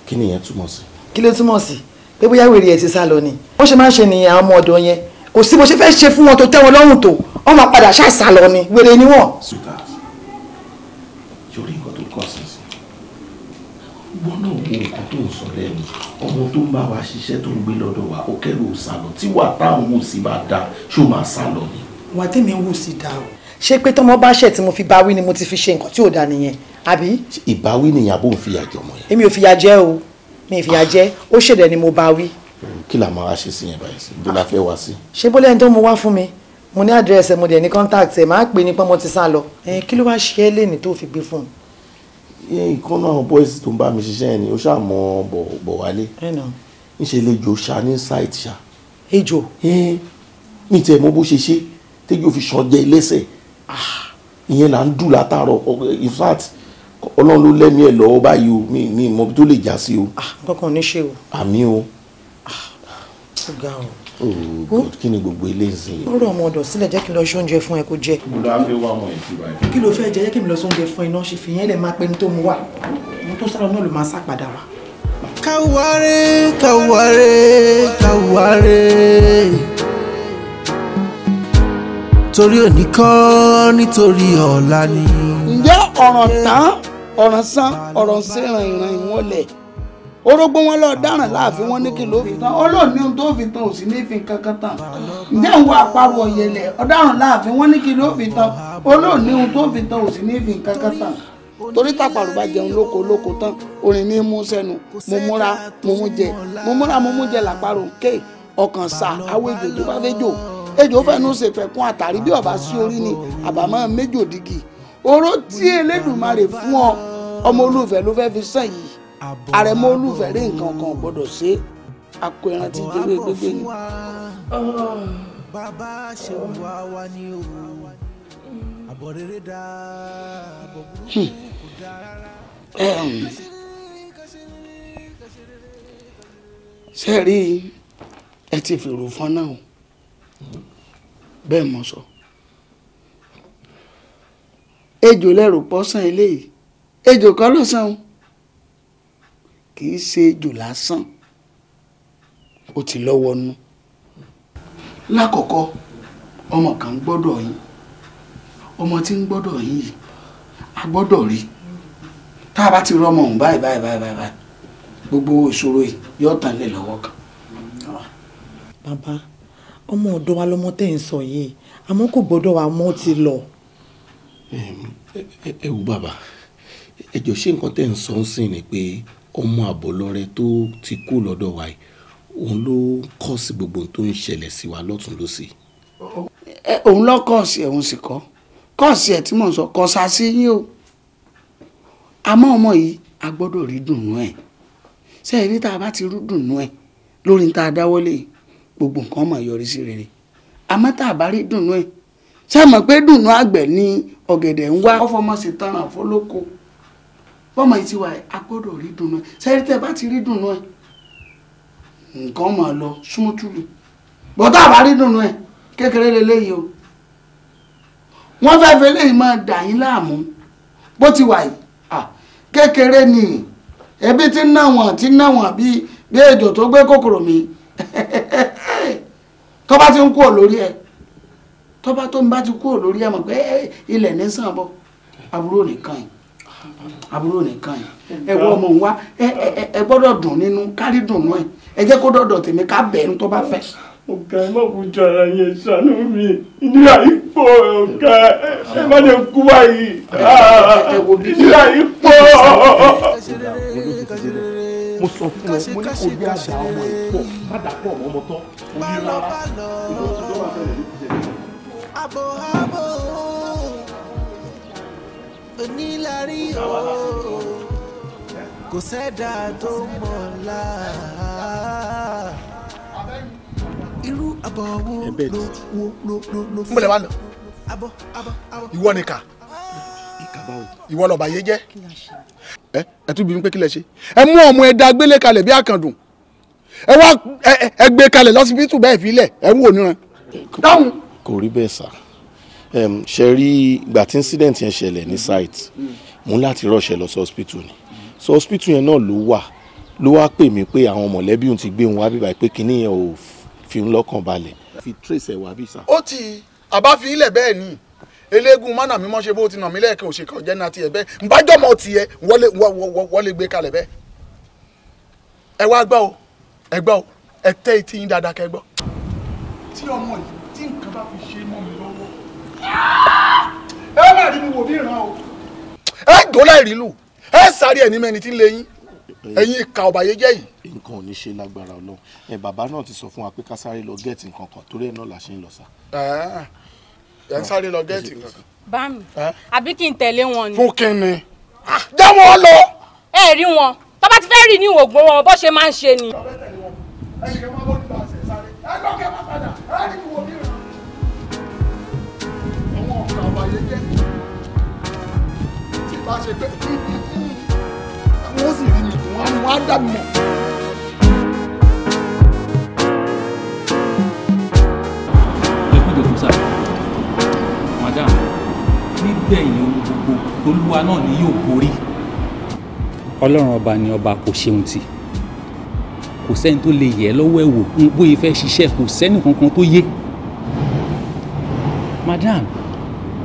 Speaker 5: kí ni ìyẹn túmọ̀ sí.
Speaker 4: kí ló túmọ̀ sí pé bóyá wèrè ẹ̀ ti sá lọ ni bó ṣe máa ń ṣe nìyẹn àwọn ọmọ ọ̀dọ̀ yẹn kò sí bó ṣe fẹ́ ṣe fún wọn tó tẹ́ wọn lọ́rùn tó wọ́n máa padà ṣáà sá lọ ni wèrè ni wọ́n.
Speaker 5: sweetheart yorì nǹkan tó kọ́ sí sí wọn náà wo nǹkan tó ń sọ lẹ́nu ọmọ tó ń bá wa ṣiṣẹ́ tó ń gbé lọ́dọ̀ wa ó kẹ́rù sá lọ tí wàá táwọn wò sí bá dáa ṣó máa sá lọ ni.
Speaker 4: wàá tẹ̀mí wò sí dáa o ṣé pé tọmọ bá ṣẹ̀ tí mo fi báwí ni mo ti fi ṣe nǹkan tí ò dáa nìyẹn àbí.
Speaker 5: ìbáwí nìyàbò ń fìyà jọmọ
Speaker 4: yẹn. èmi ò fìyà jẹ o mi ìfìyà jẹ ó ṣèdẹ ni mo bá wí.
Speaker 5: kí la máa ṣe sí yẹn báyìí sí ibi la fẹ́ wá sí.
Speaker 4: ṣé bọ́lá ẹni tó mú wá fún mi mo ní àdírẹ́sì ẹ̀ mo dẹ̀ ní kọ́ńtàkì ẹ̀ máa pè ní pọ́n mo ti sá lọ kí ló wá ṣe é léni tó fi gbé fún un.
Speaker 5: ìkan náà bọ́ìsì tó ń bá mi ṣiṣẹ́ yẹn ni ó ṣáà mọ bọ̀ wálé níṣẹ́ lejò ṣá ní site ṣá. ejò. mi tẹ mọ bó ṣe ṣe tẹjọ fi ṣan jẹ lẹ́sẹ̀ ah. ìyẹn là ń dùn látàárọ̀ in ọlọ́run ló lẹ́mí ẹ̀ lọ́wọ́ báyìí o mi mi mọ tó lè já sí o.
Speaker 4: kankan ah, ní ṣe o.
Speaker 5: àmì o. Ah, ó ga o. ooo oh, kí ni gbogbo ilé ń sìn. ó
Speaker 4: ọmọ ọ̀dọ̀ sílẹ̀ jẹ́ kí n lọ sóúnjẹ fún ẹ kó jẹ. mo lọ fẹ́
Speaker 5: wá ọmọ ìtura ẹ. kí
Speaker 4: ló fẹ́ jẹ jẹ́ kí n lọ sóúnjẹ fún ẹ ṣe fìyẹn lẹ̀ máa pẹni tó mu wà mo tó sáré náà ló máa sá padà wá.
Speaker 1: káwáré káwáré káwáré torí òní nítorí ọ̀la ni. Kaware, kaware, kaware
Speaker 7: ọ̀ràn tán ọ̀ràn san ọ̀ràn síran ìran ìwọlẹ̀ orógbó wọn lọ dáràn láàfin wọn ní kí ló fi tán ọlọ́ọ̀ni ohun tó fi tán ò sí ní fi kankan tán ǹjẹ́ ń wo àparò ọ̀yẹ̀lẹ̀ ọ̀daràn láàfin wọn ní kí ló fi tán ọlọ́ọ̀ni ohun tó fi tán ò sí ní fi kankan tán torí tàpàrọ̀ bá jẹun lóko lóko tán orin ní mú sẹ́nu mo múra mo mú jẹ mo múra mo mú jẹ làpàrọ̀ ké ọkàn sa awé jòjò bá fẹ́ jò ejò fẹ́nu ṣèfẹ́ kún àtàrí bí ọ̀bá sí orí ni àbámọ́ méjòdìgì oró tí Elédùmarè fún ọ ọmọ olùfẹ́ ló fẹ́ fi sàn yìí àrẹ̀mọ olùfẹ́ rí nǹkan kan gbọ́dọ̀ ṣe àkó ẹran tí délé gbégbé
Speaker 1: ni. bàbá ṣe wá wá ní òru àbọ̀ rere dá àbọ̀ burúkú hmm. kò dá rárá. ṣe rí
Speaker 7: ẹ ti fèrò fọ́n náà bẹ́ẹ̀ mọ̀ sọ. So ejò lẹ́rù pọ́sán eléyìí ejò kan ló sàn kì í ṣe ejò lásán ó ti lọ́wọ́ nú. lákọ̀ọ́kọ́ ọmọ kan ń gbọ́dọ̀ yín ọmọ tí ń gbọ́dọ̀ yín yìí a gbọ́dọ̀ rí tá a bá ti rọ́mọ ọ̀hún báyìí báyìí báyìí báyìí gbogbo ìṣòro yìí yóò tán lẹ̀ lọ́wọ́ kan.
Speaker 4: bàbá ọmọ ọ̀dọ́ wa lọmọ tẹ́ ń sọ yìí àmọ́ kò gbọ́dọ̀ wa mọ́ ti lọ
Speaker 5: ẹ wù bàbá ẹ jọ ṣé nǹkan tẹ̀ ń sọ ń sìn ni pé ọmọ àbọ̀lọ́rẹ tó ti kú lọ́dọ̀ wa yìí òun ló kọ́ sí gbogbo tó ń ṣẹlẹ̀ sí wa lọ́tún lọ́sì.
Speaker 7: òun lọ kọ́ọ̀sì ẹ̀ òun sì kọ́ kọ́ọ̀sì ẹ̀ tí mò ń sọ kọ́ sa sí yín o àmọ́ ọmọ yìí a gbọ́dọ̀ rí dùnú ẹ̀ sẹ́yìn ní tá a bá ti rí dùnú ẹ̀ lórí tá a dáwọ́lé gbogbo nǹkan máa yọrí sí rere àmọ́ tá a bá rí dùnú ẹ̀ sàmọ̀ pé dùnú àgbẹ̀ ni ọ̀gẹ̀dẹ̀ ń wá ọfọmọsí tanràn àfọlọ́kọ bọ́mọ yìí ti wà á gbọ́dọ̀ rí dùnú ẹ̀ sẹ́yìn tẹ́ bá ti rí dùnú ẹ̀ nǹkan mọ̀ lọ súnmọ́túlù bọ́tà bá rí dùnú ẹ̀ kékeré lélẹ́yìí o wọ́n fẹ́ fẹ́ léyìí máa dà yín láàmú bó ti wà yìí kékeré ni ẹbí ti ń náwọn ti ń náwọn bíi bí èjò tó gbé kòkòrò mi tó bá ti ń kú ọ lórí ẹ̀ tọ́ba tó ń bá ti kúrò lórí ẹ̀ mọ̀ pé ilẹ̀ ní sàn bọ̀ àbúrò nìkan yìí àbúrò nìkan yìí ẹ wọ ọmọ wa ẹ gbọ́dọ̀ dùn nínú kárí dùnú ẹ ẹ jẹ́ kó dọ̀dọ̀ tèmi ká bẹ̀ẹ́ ní tó bá fẹ́. ọ̀gá ẹ má kú jọ ara yẹn ṣàánú mi ìnira yìí pọ̀ ọ̀gá ẹ má lè kú báyìí
Speaker 5: ìnira yìí pọ̀. mo sọ fún ẹ mo ní kò gbé àjà ọmọ ìpọ̀ má dàpọ̀ ọmọ ọmọ tán
Speaker 1: orí rárá ìlú ọtí tó wà fẹ́rẹ̀ abo abo onílárí o kò sẹ́dá tó mọ̀lá irú abọ́ wo ló
Speaker 7: wo ló ló
Speaker 1: ló fi. múlẹ̀ wá nà. abọ́
Speaker 5: abọ́ abọ́. ìwọ ni kà. ìwọ lọ́ba yé jẹ́. ẹ ẹ tún bí mi pé
Speaker 7: kí lẹ ṣe. ẹ mú ọmọ ẹ da gbélé kalẹ̀ bí àkàndùn ẹ wá ẹ gbé kalẹ̀ lọ́sibítù bẹ́ẹ̀ fi lẹ̀ ẹ wò níran. dáhùn
Speaker 5: kò rí bẹ́ẹ̀ sá ṣe rí ìgbà tí incident yẹn ṣẹlẹ̀ ní mm-hmm. site mú mm-hmm. láti rọ̀ṣẹ̀ lọ sí hospital ni so hospital yẹn náà ló wà ló wá pè mí pé àwọn mọ̀lẹ́bí òun ti gbé òun wá bíbá pé kinní yẹn ò fi ń lọ́kàn balẹ̀. fi trace ẹ̀ wá bí sá. ó ti àbáfi ilẹ̀ bẹ́ẹ̀ ni eléégún mánà mímọ́ ṣe bó ti nà mí lẹ́ẹ̀kan òṣèkà ọ̀jẹ́ náà ti ẹ̀ bẹ́ẹ̀ nbájọ́mọ́ tiẹ̀ wọ́n lè gbé kalẹ̀ bẹ́ẹ̀. ẹ wá gbọ́ o ẹ gbọ́ o ẹ tẹ́ etí yín dáadáa kẹ́
Speaker 7: gbọ́.
Speaker 3: tí ọmọ yìí
Speaker 7: ẹ má rí mi wò bí ìran o. ẹ dọ́là ìrìlù ẹ sáré ẹni mẹ́ni tí ń lé yín ẹ̀yin ìka ọ̀bàyéjẹ́ yìí.
Speaker 5: nǹkan ò ní ṣe lágbára ọlọ́run ẹ bàbá náà ti sọ fún wa pé ká sáré lọ gẹ́ẹ̀tì nǹkan kan torí ẹ̀ náà la ṣe ń lọ sá. ẹ ń sáré lọ gẹ́ẹ̀tì nǹkan kan.
Speaker 2: bámi àbí kí n tẹ̀lé wọn ni. fún
Speaker 7: kínni ah, jẹ́ wọn lọ.
Speaker 2: ẹ rí wọn tó ti fẹ́ rí ní òògùn wọn bó ṣe máa ń ṣe ni. ẹnì kan máa ẹ má padà
Speaker 7: ẹ rí ìwòye ayé jẹ́ tí bá ṣe pé
Speaker 5: wọ́n sì rí mi wọ́n á dá mi mọ̀.
Speaker 9: madam ni yóò borí. ọlọ́run ọba ni ọba kò ṣeun tì kò sẹ́ni tó lè yẹ̀ lọ́wọ́ ẹ̀ wò bóyá kankan tó yé madam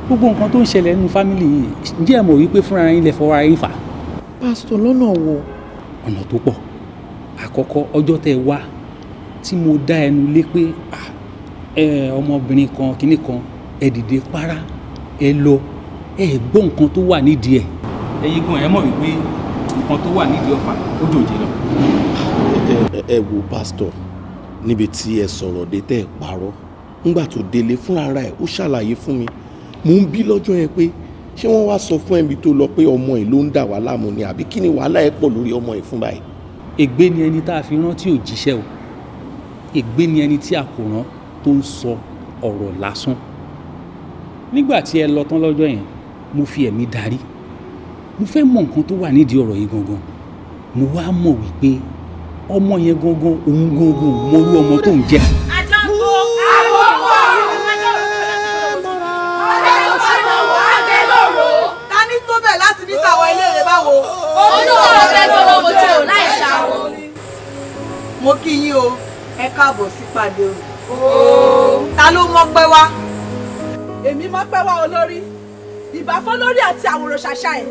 Speaker 9: gbogbo nǹkan tó ń ṣẹlẹ̀ nínú fámìlì yìí ǹjẹ́ ẹ mọ̀ wípé fúnra yín lẹ fọwọ́ ara yín fà.
Speaker 3: pásítọ̀ lọ́nà
Speaker 9: wo. ọ̀nà tó pọ̀ àkọ́kọ́ ọjọ́ tẹ́ ẹ wá tí mo dá ẹnu lé pé ọmọbìnrin kan kínní kan ẹ dìde para ẹ lọ ẹ gbọ́ nǹkan tó wà nídìí ẹ̀. ẹ̀yin gan ẹ mọ̀ wípé nǹkan tó wà nídìí ọ̀fà ó dòjé lọ.
Speaker 5: ẹ wo pásítọ̀ níbi tí ẹ sọ̀rọ̀ dé tẹ́ ẹ parọ́ ńgbà tó délé fúnra ara ẹ̀ ó ṣàlàyé fún mi mò ń bí lọ́jọ́ yẹn pé ṣé wọ́n wá sọ fún ẹ̀mí tó lọ pé ọmọ ẹ̀ ló ń dà wá láàmú ni àbí kí ni wàhálà ẹ̀
Speaker 9: pọ̀ lórí ọmọ ẹ̀ fún báyìí. ègbé ni ẹni tá a fi rán tí o ègbé ni ẹni tí a kò rán tó ń sọ ọ̀rọ̀ lásán nígbà tí ẹ lọ tán lọ́jọ́ yẹn mo fi ẹ̀mí darí mo fẹ́ mọ nǹkan tó wà nídìí ọ̀rọ̀ yìí gangan mo wá mọ̀ wípé ọmọ yẹn gangan òun gangan mọrú ọmọ tó ń jẹ́.
Speaker 6: mo kí yín o ẹ káàbọ̀ sípàdé o. ta ló mọ́pẹ́ wá. èmi mọ́pẹ́ wá olórí
Speaker 2: ìbáfọ́ lórí àti àwòrán ṣàṣà ẹ̀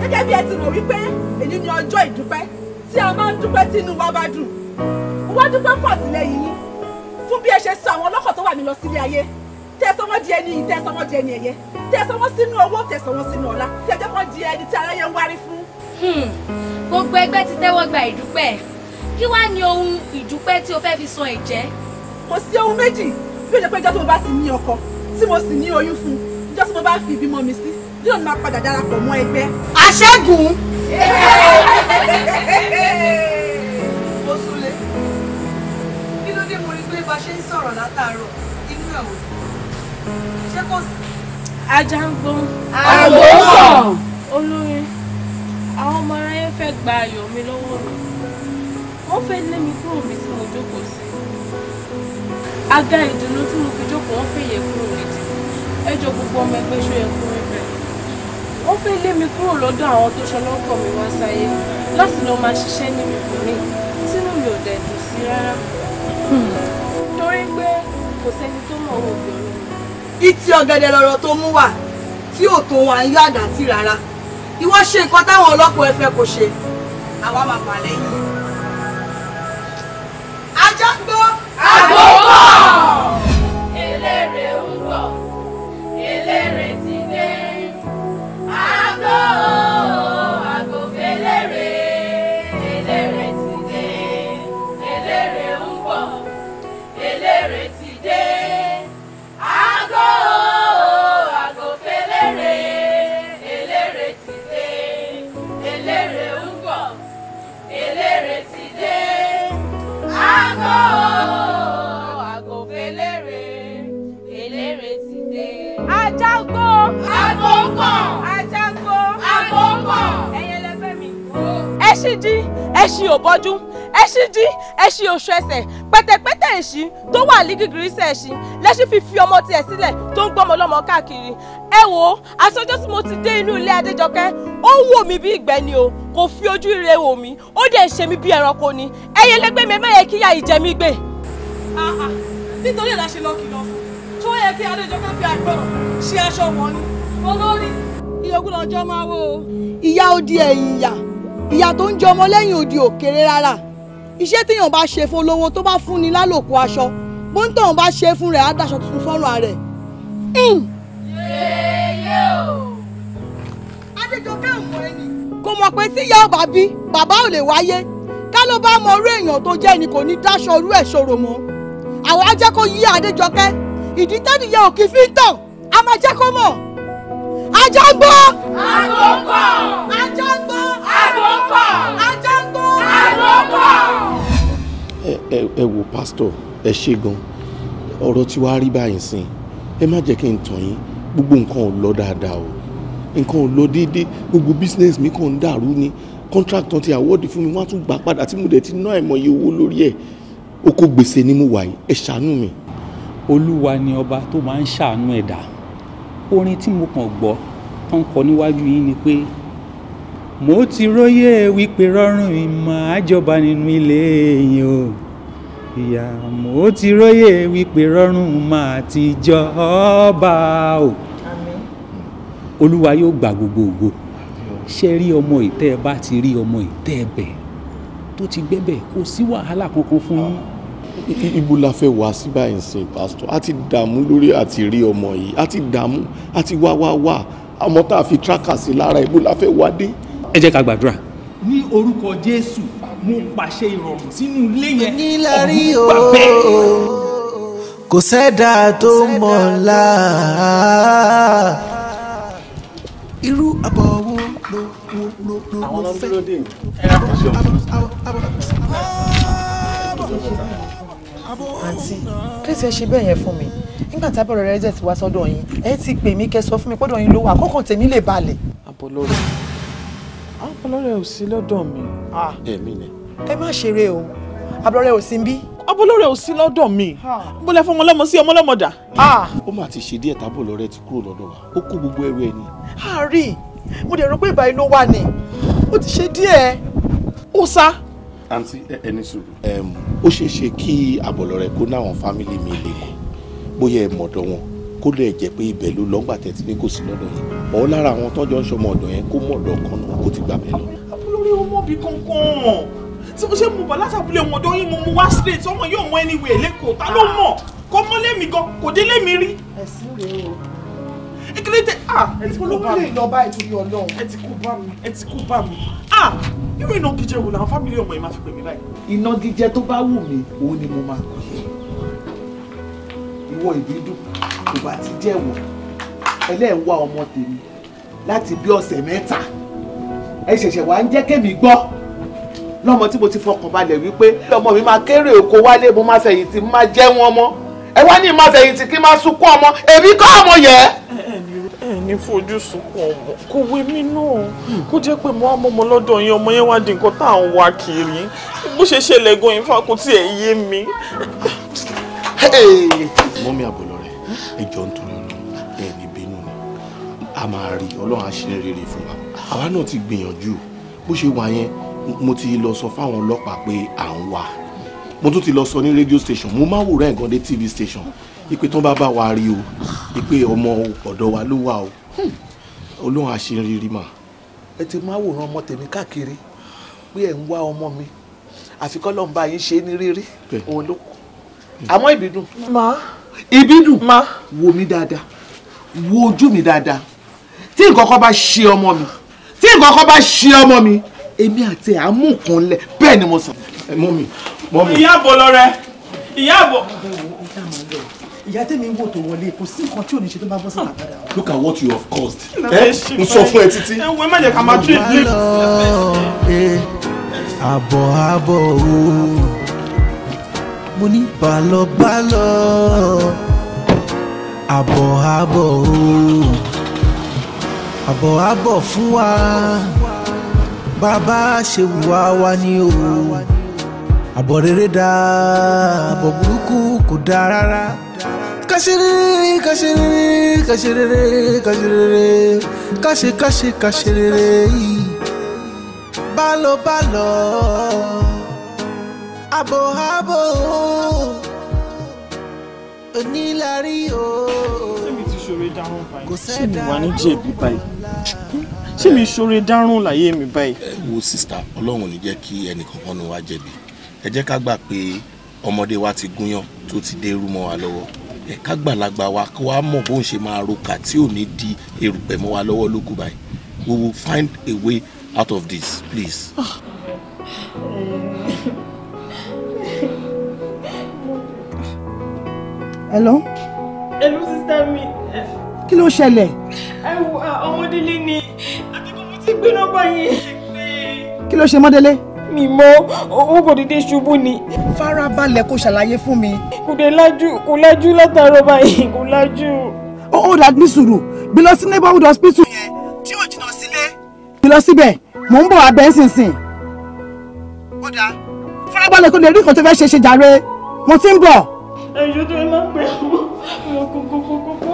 Speaker 2: gẹ́gẹ́ bí ẹ ti mọ̀ wípé èyí ni ọjọ́ ìdúpẹ́ tí a máa ń dúpẹ́ tí inú wa bá dùn mo wá dúpẹ́ fún àtìlẹ́yìn yín fún bí ẹ ṣe sọ àwọn ọlọ́kọ̀ tó wà mí lọ sílé ayé tẹ sọ wọn di ẹni yìí tẹ sọ wọn di ẹni ẹ̀yẹ tẹ sọ sínú owó tẹ sọ sínú ọlá tẹ jẹ́ kó di ẹni tí aráyé ń wárí fún. Hmm. gbogbo ẹgbẹ́ ti tẹ́wọ́ gba ìdúpẹ́ kí wàá ní ohun ìdúpẹ́ tí o fẹ́ fi san ẹ̀jẹ́. kò sí ohun méjì bí ó jẹ́ pé ìjọ́ tí mo bá ti ní ọkọ tí mo sì ní oyún fún un ìjọ́ tí mo bá fi ìbímọ mi sí yóò máa padà darapọ̀ mọ́ ẹgbẹ́. àṣẹ́gun. mo súnlé kí ló dé mo rí pé bá ṣe ń sọ̀rọ̀ látàárọ̀ inú ẹ̀ ò ṣé kò sí. ajá ń gbọ́n. àwòrán. olórin àwọn ọmọ aráyé fẹ́ gba ayọ̀ mi lọ́wọ́ mi wọ́n fẹ́ lé mi kúrò mi tí mo jókòó sí aga ìdùnnú tí mo fi jókòó wọ́n fẹ́ yẹ kúrò nídìí ẹjọ́ gbogbo ọmọ ẹgbẹ́ ṣó yẹ kúrò bẹ́ẹ̀ wọ́n fẹ́ lé mi kúrò lọ́dọ̀ àwọn tó ṣọlọ́kọ̀ mi wá sáyé láti lọ máa ṣiṣẹ́ níbi kò ní tínú mi ò dẹ̀ dùn sí rárá torí pé kò sẹ́ni tó mọ̀ owó obìnrin. ìtì ọ̀gẹ̀dẹ̀ lọ̀rọ̀ tó mú wà tí ò tó wà ń yá àdá sí rárá ìwọ ṣe nǹkan táwọn ọlọ́pàá ẹ fẹ́ kó
Speaker 6: ṣe àwa máa bà lẹ́yìn.
Speaker 2: ẹṣin ò bọ́jú ẹṣin jí ẹṣin oṣù ẹsẹ̀ pẹ̀tẹ̀pẹ̀tẹ̀ ẹṣin tó wà lígìgìrì sí ẹṣin lẹ́ṣin fi fi ọmọ tiẹ̀ sílẹ̀ tó ń gbọ́mọ lọ́mọ káàkiri ẹ wo aṣọjọ́ tí mo ti dé inú ilé Adéjọkẹ́ ó ń wò mí bí ìgbẹ́ ni o kò fi ojú ire wò mí ó dẹ̀ ń ṣe mí bí ẹranko ni ẹyẹ lẹ́gbẹ́ mi mẹ́yẹ kíyà ìjẹ mi gbé. nítorí ẹ̀ la ṣe lọ kìlọ̀ fún tó yẹ kí Adéjọkẹ́ fi àgbọ̀rọ̀ ṣe aṣọ wọn ni olórí iye ogún lọ́jọ́ máa wó o.
Speaker 4: ìyá ó di ẹ̀yìn ìyà tó ń jẹ ọmọ lẹ́yìn odi ò kéré rárá iṣẹ́ téèyàn bá ṣe fún olówó tó bá fún ni lálòkù aṣọ bó ń tọ̀hún bá ṣe fún rẹ̀ á daṣọ tuntun sọ́rùn rẹ̀. Hmm. adéjọkẹ́ ọ̀mọ̀ ẹni. kò mọ̀ pé tí ìyá ọba bí bàbá ò lè wáyé ká ló bá mọ orú èèyàn tó jẹ́ ni kò ní dáṣọ orú ẹ̀ ṣòro mọ́ àwọn á kó yí adéjọkẹ́ ìdí tẹ́nìyẹ òkì fi ń tàn á máa jẹ́ kó
Speaker 2: mọ̀ ajá ń gbọ́. àgbọ̀ngbọ̀.
Speaker 5: ẹ wò pásítọ̀ ẹ ṣe gan ọ̀rọ̀ tí wàá rí báyìí sìn ẹ má jẹ́ kí n tàn yín gbogbo nǹkan ò lọ dáadáa o nǹkan ò lọ déédéé gbogbo business mi kàn ń dàrú ni contract kan ti àwọ́dì fún mi wọ́n á tún gbà padà tí mo dẹ̀ ti ná àìmọye owó lórí ẹ̀ oko gbèsè
Speaker 9: ni mo wà yìí ẹ ṣàánú mi. olúwa ni ọba tó máa ń ṣàánú ẹ̀dá orin tí mo kàn gbọ́ tó ń kọ níwájú yín ni pé mo ti róyè wípé rọrùn ìmọ̀ àjọba nínú ilé yìí o ìyàmú ó ti róye wípé rọrùn máa ti jọba o olúwa yóò gba gbogbo ògo ṣe rí ọmọ ìtẹ́ bá ti rí ọmọ ìtẹ́ bẹ̀ tó ti gbẹ́bẹ̀ kò sí wàhálà kankan fún yín
Speaker 5: ibo la fẹ́ wá sí báyìí sin pastor a ti dààmú lórí àti rí ọmọ yìí a ti dààmú a ti wá wá wá ọmọ tá a fi tíráka sí lára ibo la fẹ́ wá dé.
Speaker 9: ẹ jẹ́ ká gbàdúrà. ní orúkọ jésù mo pàṣẹ ìrọ̀rùn sínú ilé yẹn ọ̀hún gbà bẹ́ẹ̀.
Speaker 1: kò sẹ́dá tó mọ̀ la irú àbọ̀ wo ló wo ló ló fẹ́. àǹtí
Speaker 4: kílísì ẹ ṣe bẹ́ẹ̀ yẹn fún mi nígbà tí abẹ́rẹ́ rẹ̀ jẹ́ ti wá sọ́dọ̀ yín ẹ ti pè mí kẹ́ sọ fún mi pọ́dọ̀ yín ló wà kọ́kàn tèmi lè balẹ̀. àbọ̀ lórí. Ah, abọ́lọ́rẹ̀ ò sí lọ́dọ̀ mi. Ah. èmi ni. ẹ má ṣeré o abọ́lọ́rẹ̀ ò sí ń bí. abọ́lọ́rẹ̀ ò
Speaker 3: sí lọ́dọ̀ mi bó lẹ fún ọmọlọ́mọ sí ọmọlọ́mọ dà.
Speaker 5: Ah. ó mà ti ṣe díẹ̀ tábọ̀lọ́rẹ̀ ti kúrò lọ́dọ̀ wa ó kó gbogbo ẹrù ẹ ni. àárí mo dẹ̀ rò pé ìbá inú wa ni ó ti ṣe díẹ̀ ó sá. àǹtí ẹni sùúrù. ó ṣeé ṣe kí abọ́lọ́rẹ̀ kó náwọn fámìlì mi lè kó bóyá ẹ mọ̀dọ̀ wọn kó lè jẹ́ pé ibẹ̀ ló lọ́gbà tẹ́tí ní kò sí lọ́dọ̀ yìí ọ̀ lára àwọn tọ́jọ́ ń ṣọmọ ọ̀dọ̀ yẹn kó mọ̀ ọ̀dọ̀ kan náà kó ti gbà bẹ́ẹ̀ lọ.
Speaker 3: àbúrò rí ọmọ bíi kankan tí mo ṣe mú bọ̀ látàbílẹ̀ wọn ọ̀dọ́ yín mo mú wá straight ọmọ yóò mọ anywhere lẹ́kọ̀ọ́ ta ló mọ̀ kó mọ́ lémi gan kò dé lémi rí.
Speaker 6: ẹ̀sìn rèé o
Speaker 3: ekele tẹ ah olówó lè lọ bá ìtòrí Ọlọ́run ẹ ti kú bá mi ẹ ti kú bá mi ah irú ìnagijẹ wo làwọn fámìlì ọmọ yìí máa fi pè mí báyìí.
Speaker 5: ìnagijẹ tó bá wù mí òun ni mo máa pè é ìwọ ìwà ti jẹ́wọ́ ẹlẹ́ẹ̀wá ọmọ tèmi láti bí ọ̀sẹ̀ mẹ́ta ẹ ṣẹ̀ṣẹ̀ wá ń jẹ́ kémi gbọ́ lọ́mọ tí mo ti fọkàn balẹ̀ wípé ọmọ mi máa kéré òkò wálé mo máa fẹ̀yìntì máa jẹ́wọ́n ọmọ ẹ wá ní máa fẹ̀yìntì kí máa sunkún ọmọ èmi kọ́ ọmọ yẹ.
Speaker 3: ẹ ní fojú sunkún ọmọ kò wé mi náà kó jẹ́ pé mo á mọ́ ọmọ lọ́dọ̀ yẹn ọmọ yẹn wá di nǹkan tá à ń wá kiri bó ṣe ṣẹlẹ̀ gan-an ìfà kò tiẹ̀ yé mi.
Speaker 5: mọ́mí àbọ̀lọ́ ẹjọ́ nítorí ọlọ́run ẹni bínú ni a máa rí ọlọ́run á ṣe rere fún wa àwa náà ti gbìyànjú bó ṣe wà yẹn mo ti lọ sọ fáwọn ọlọ́pàá pé à ń wà mo tún ti lọ sọ ní rédíò station mo máa wòrán ẹ̀gàn dé tv station ìpè tán bá bá wa rí o ìpè ọmọ ọ̀dọ̀ wa ló wà o ọlọ́run á ṣe rere mà. ẹ ti máa wòran ọmọ tèmi káàkiri pé ẹ̀ ń wá ọmọ mi àfikọ́ lọ́nba yín ṣe ní rírí òun ló kù àmọ́ ìbídùn. máa Ìbídùn wò mí dáadáa wo ojú mi dada tí nǹkan bá ṣe ọmọ mi tí nǹkan kan bá ṣe ọmọ mi èmi àti àmú kan lẹ bẹ́ẹ̀ ni mo sọ. mọ́mì mọ́mì. ìyáàbọ̀ lọ́rẹ́
Speaker 4: ìyáàbọ̀. ìyá tèmi wò tó wọlé kò sí nǹkan tí ò ní ṣe tó bá bọ́ sí àkàdá.
Speaker 5: look at what you have caused. n sọ fún ẹ títí. ẹ wo ẹ má jẹ ká máa tún ìlú.
Speaker 1: Eh, àbọ̀ àbọ̀ ooo mo ní bálọ̀bálọ̀ àbọ̀ àbọ̀ o àbọ̀ àbọ̀ fún wa bàbá ṣe wà wá ní o àbọ̀ rere dá àbọ̀ burúkú kò dá rárá kàṣerere kàṣerere kàṣerere kàṣerere kàṣe kàṣe kàṣerere yìí bálọ̀bálọ̀ abohabo onílárí o. kò
Speaker 5: sẹ́dá wà ní jẹ̀bi báyìí ṣé mi ṣoore dárùn láyé mi báyìí. ẹ wo sista ọlọ́run ní jẹ́ kí ẹnìkankan nu wa jẹ̀bi ẹ jẹ́ ká gbà pé ọmọdé wa ti gúnyán tó ti dé irú wa lọ́wọ́ ẹ ká gbàlagbà wa kó wa mọ̀ bóun ṣe máa roka tí ò ní di erùpẹ̀ mọ́ wa lọ́wọ́ lókù báyìí we will find a way out of this please.
Speaker 3: Ah.
Speaker 4: Hello?
Speaker 2: Hello, sister mi. Kí ló ṣẹlẹ̀? Ẹ wo ọmọdélé ni akẹ́kọ̀ọ́ ti gbé nọ́mbà yẹn pé.
Speaker 4: Kí ló ṣe mọ́délé? Mi mọ owó kò dédé ṣubú ni. Farabalẹ̀ kó ṣàlàyé fún mi. Kò dé lájú kò lájú látàárọ̀ báyìí kò lájú. Ó ó dàgbé sùúrù gbé lọ sí neighborhood hospital yẹn tí ò jìnnà sílé. Gbé lọ síbẹ̀ mò ń bọ̀ abẹ́ nísinsìnyí. Ó dáa. Farabalẹ̀ kó lè rí nǹkan tó fẹ́ ṣe ṣe jàre. Mo ti ń bọ̀
Speaker 3: ẹ̀yọ́ tó máa ń pè àwọn ọmọ kókókókókó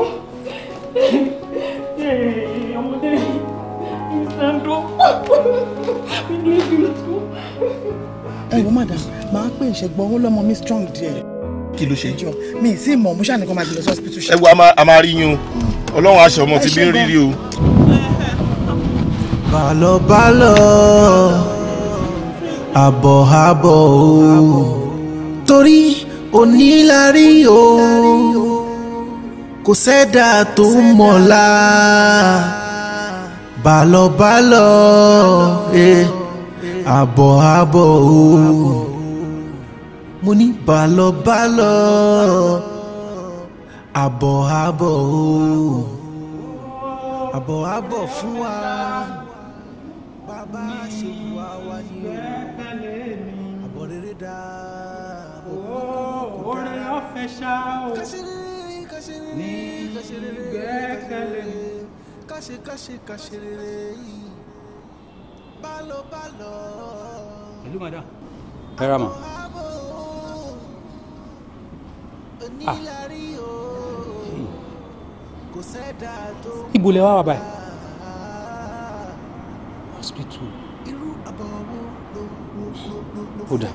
Speaker 3: ọmọdé ìsàndó nínú
Speaker 4: ibi tó. ẹ wọ madam máa pè ìṣègbọn owó lọmọ mi strong díẹ̀. kí ló ṣe jọ mi ì sí ìmọ̀ mo ṣàníkan máa gbé lọ sí hospital.
Speaker 5: ẹ wo a máa rí yín o ọlọ́run aṣọ ọmọ ti bí ń rírí o.
Speaker 1: bálọ̀bálọ̀ àbọ̀àbọ̀ o torí onílárí o kò sẹ́dá tó mọ̀lá bálọ̀bálọ̀ e. àbọ̀ àbọ̀ o mo ní bálọ̀bálọ̀ àbọ̀ àbọ̀ o àbọ̀ àbọ̀ fún wa bàbá ṣe. rẹ ṣá o ní ìgbẹ́kẹ̀lé. káṣe káṣe káṣe rere yìí bálọ bálọ. pẹ̀lú màdá.
Speaker 9: ẹ ra mọ̀. ibo lẹ wà báyìí. Ah. hospital. ó dà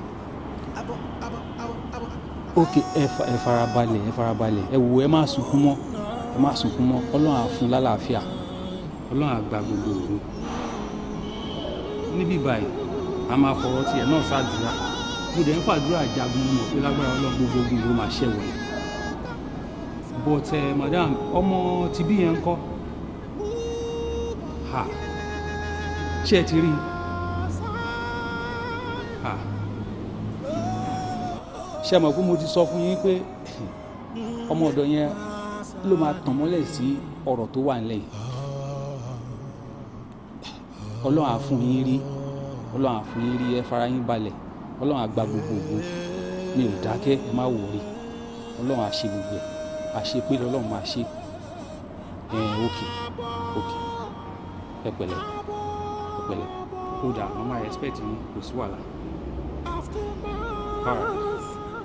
Speaker 9: ok ẹ farabalẹ̀ ẹ farabalẹ̀ ẹ wò ẹ má sunkún mọ́ ẹ má sunkún mọ́ ọlọ́run á fún lálàáfíà ọlọ́run á gba gbogbo òru níbí báyìí a máa fọwọ́ tiẹ̀ náà ṣàdúrà mo dẹ̀ ń fàdúrà jagun mọ̀ pé lágbára ọlọ́run gbogbo ogun ló máa ṣẹ̀wọ̀ yìí but madam ọmọ tìbí yẹn ń kọ́ ṣé ẹ ti rí i. ṣe mọ̀ mo ti sọ fún yín pé ọmọ ọ̀dọ̀ yẹn ló máa tàn mọ́lẹ̀ sí ọ̀rọ̀ tó wà nílẹ̀ ọlọ́run àfún yín rí ọlọ́run àfún yín rí ẹ fara yín balẹ̀ ọlọ́run àgbà gbogbogbò mi ò dákẹ́ ẹ má wò rí ọlọ́run àṣe gbogbo ẹ̀ àṣe pé máa ṣe òkè òkè ẹ pẹ̀lẹ́ ẹ pẹ̀lẹ́ kódà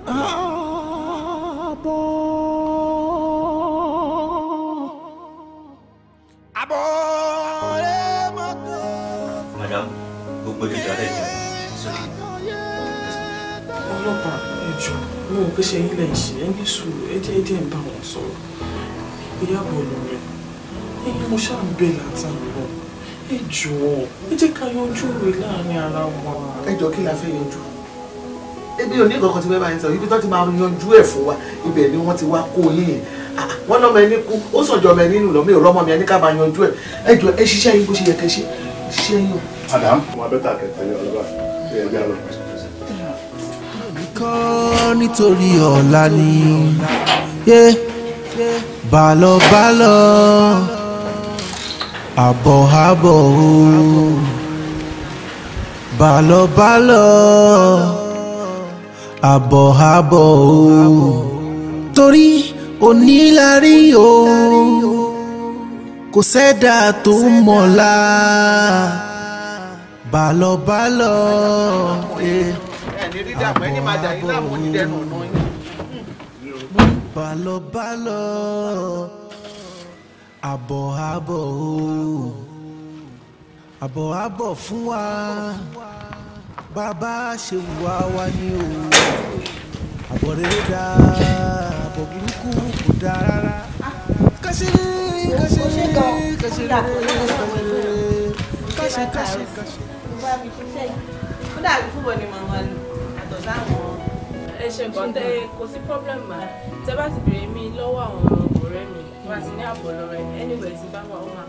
Speaker 9: Madame,
Speaker 1: vous pouvez garder
Speaker 3: ọlọ́pàá ẹjọ́ mo rò pé ṣe yín lẹ́yìn ṣe ẹ ní sùúrù ẹ jẹ́ ẹdí ẹ̀ ń bá wọn sọ̀rọ̀ ìgbéyàwó olùrẹ̀ ẹ̀yin mo ṣáà ń bẹ̀ látàrí wọn ẹ jọ̀ọ́ ẹ jẹ́ ká yanjú rẹ̀ láàrin ara
Speaker 7: wa. ẹ kí la fẹ́ yanjú mi ò ní kankan tí bẹ́ẹ̀ bá yín sọ ibi tó ti máa yanjú ẹ̀ fún wa ibẹ̀ ni wọ́n ti wá kó yín ah, ah, wọ́n lọ́mọ ẹni kú ó sàn ọmọ ẹni nù lọ́mọ ìrọ́mọ mi
Speaker 1: ẹni ká bá yanjú ẹ̀ ẹ jọ ẹ ṣiṣẹ́ yín bó ṣe yẹ kẹ́ ṣe ṣiṣẹ́ yín o. madam
Speaker 7: wọn bẹ tà kẹtẹ
Speaker 5: ní ọlọ́ba ẹ ẹ
Speaker 1: bí kọ́ nítorí ọ̀la ni bálọ̀bálọ̀ àbọ̀hábọ̀ o bálọ̀bálọ̀ àbọ̀hábọ̀ o torí onílárí o kò sẹ́dá tó mọ̀lá bálọ̀bálọ̀ àbọ̀hábọ̀ eh. bálọ̀bálọ̀ àbọ̀hábọ̀ o àbọ̀hábọ̀ fún wa bàbá ṣe wà wá ní òun àbọ̀ rere dá àbọ̀ burúkú kò dá rárá. kásìrì kásìrì
Speaker 6: kásìrì kásìrì
Speaker 1: kásìrì kásìrì.
Speaker 2: ó dàbí fúbọ̀ ni màmá lò àtọ̀ sáwọn ẹ ṣe nǹkan tẹ kò sí problem ma tẹ bá ti bèrè mi lọ́wọ́ àwọn ọ̀rẹ́ mi wá sí ní àbọ̀ lọ́rẹ́ anyway ti bá wà ó máa.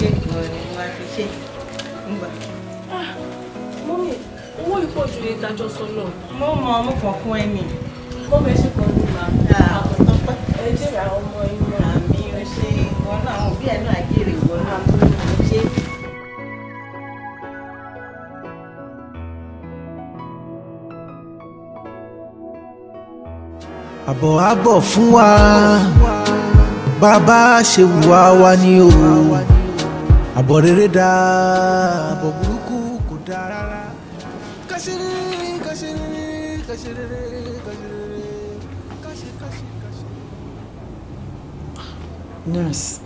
Speaker 2: ṣé ìwọ ni wàá fi ṣe ń gbà. mọ́mí owó ìpọ̀ ju èyí tájọ sọ lọ. mo mọ ọmọ kan fún ẹni. mo fẹ́ ṣe kan ló máa. pẹ́. ẹ jẹ́ ìyá ọmọ inú àmì ọṣẹ ìwọ náà àwọn òbí náà jèrè ìwọ náà tó ń ṣe.
Speaker 1: àbọ̀ àbọ̀ fún wa bàbá ṣe wà wá ní o àbọ̀ rere dáa àbọ̀ burúkú.
Speaker 4: nurse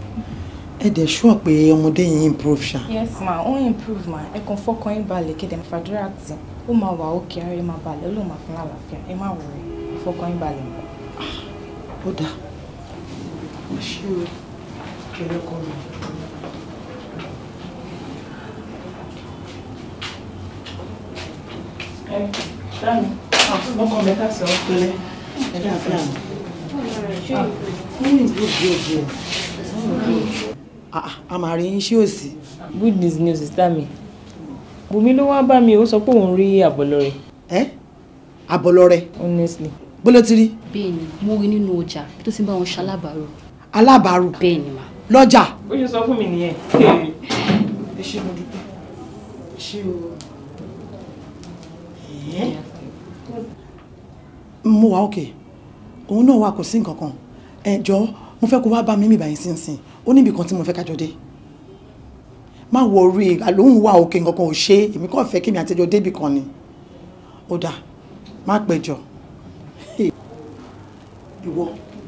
Speaker 4: ẹ dẹ̀ sọ pé ọmọdé yìí improve ṣá.
Speaker 6: yes ma ó improve ma ẹ kàn fọkàn yín balẹ̀ kéde fàdúrà tì ó máa wà òkè ara ẹ máa balẹ̀ ó lóun máa fún lálàáfíà ẹ má wọrẹ fọkàn yín balẹ̀ ah, ó dáa ah,
Speaker 4: mo ṣe o kẹrẹ kọ mi.
Speaker 3: ẹ dáàmú ọkọ mi ká sọ ọ pẹ̀lẹ́ ẹ dáàbò
Speaker 2: àná àmàrí ah, ah, yín ṣé ò sí. good news ni sista mi bùnmi ló wá bá mi ó
Speaker 4: sọ pé òun rí àbọ̀lọ́rẹ̀. ẹ àbọ̀lọ́rẹ̀. honestly. bóló ti rí. bẹ́ẹ̀ni
Speaker 2: mo rí nínú ọjà tó ti bá wọn ṣalábàárò.
Speaker 4: alábàárò. bẹ́ẹ̀ni ma. lọ́jà. ó ṣe sọ fún mi nìyẹn. ẹ ṣe mo dúpẹ́ ṣé o. mo wà òkè òun náà wà kò sí nǹkan kan ẹ jọ mo fẹ́ kó wá bá mi mi báyìí sínsìn ó níbi kan tí mo fẹ́ kájọ dé má wọ orí àlóhùn wa òkè nǹkan kan ò ṣe èmi kàn fẹ́ kí mi àtẹjọ débì kan ni ó dà má pẹjọ ìwọ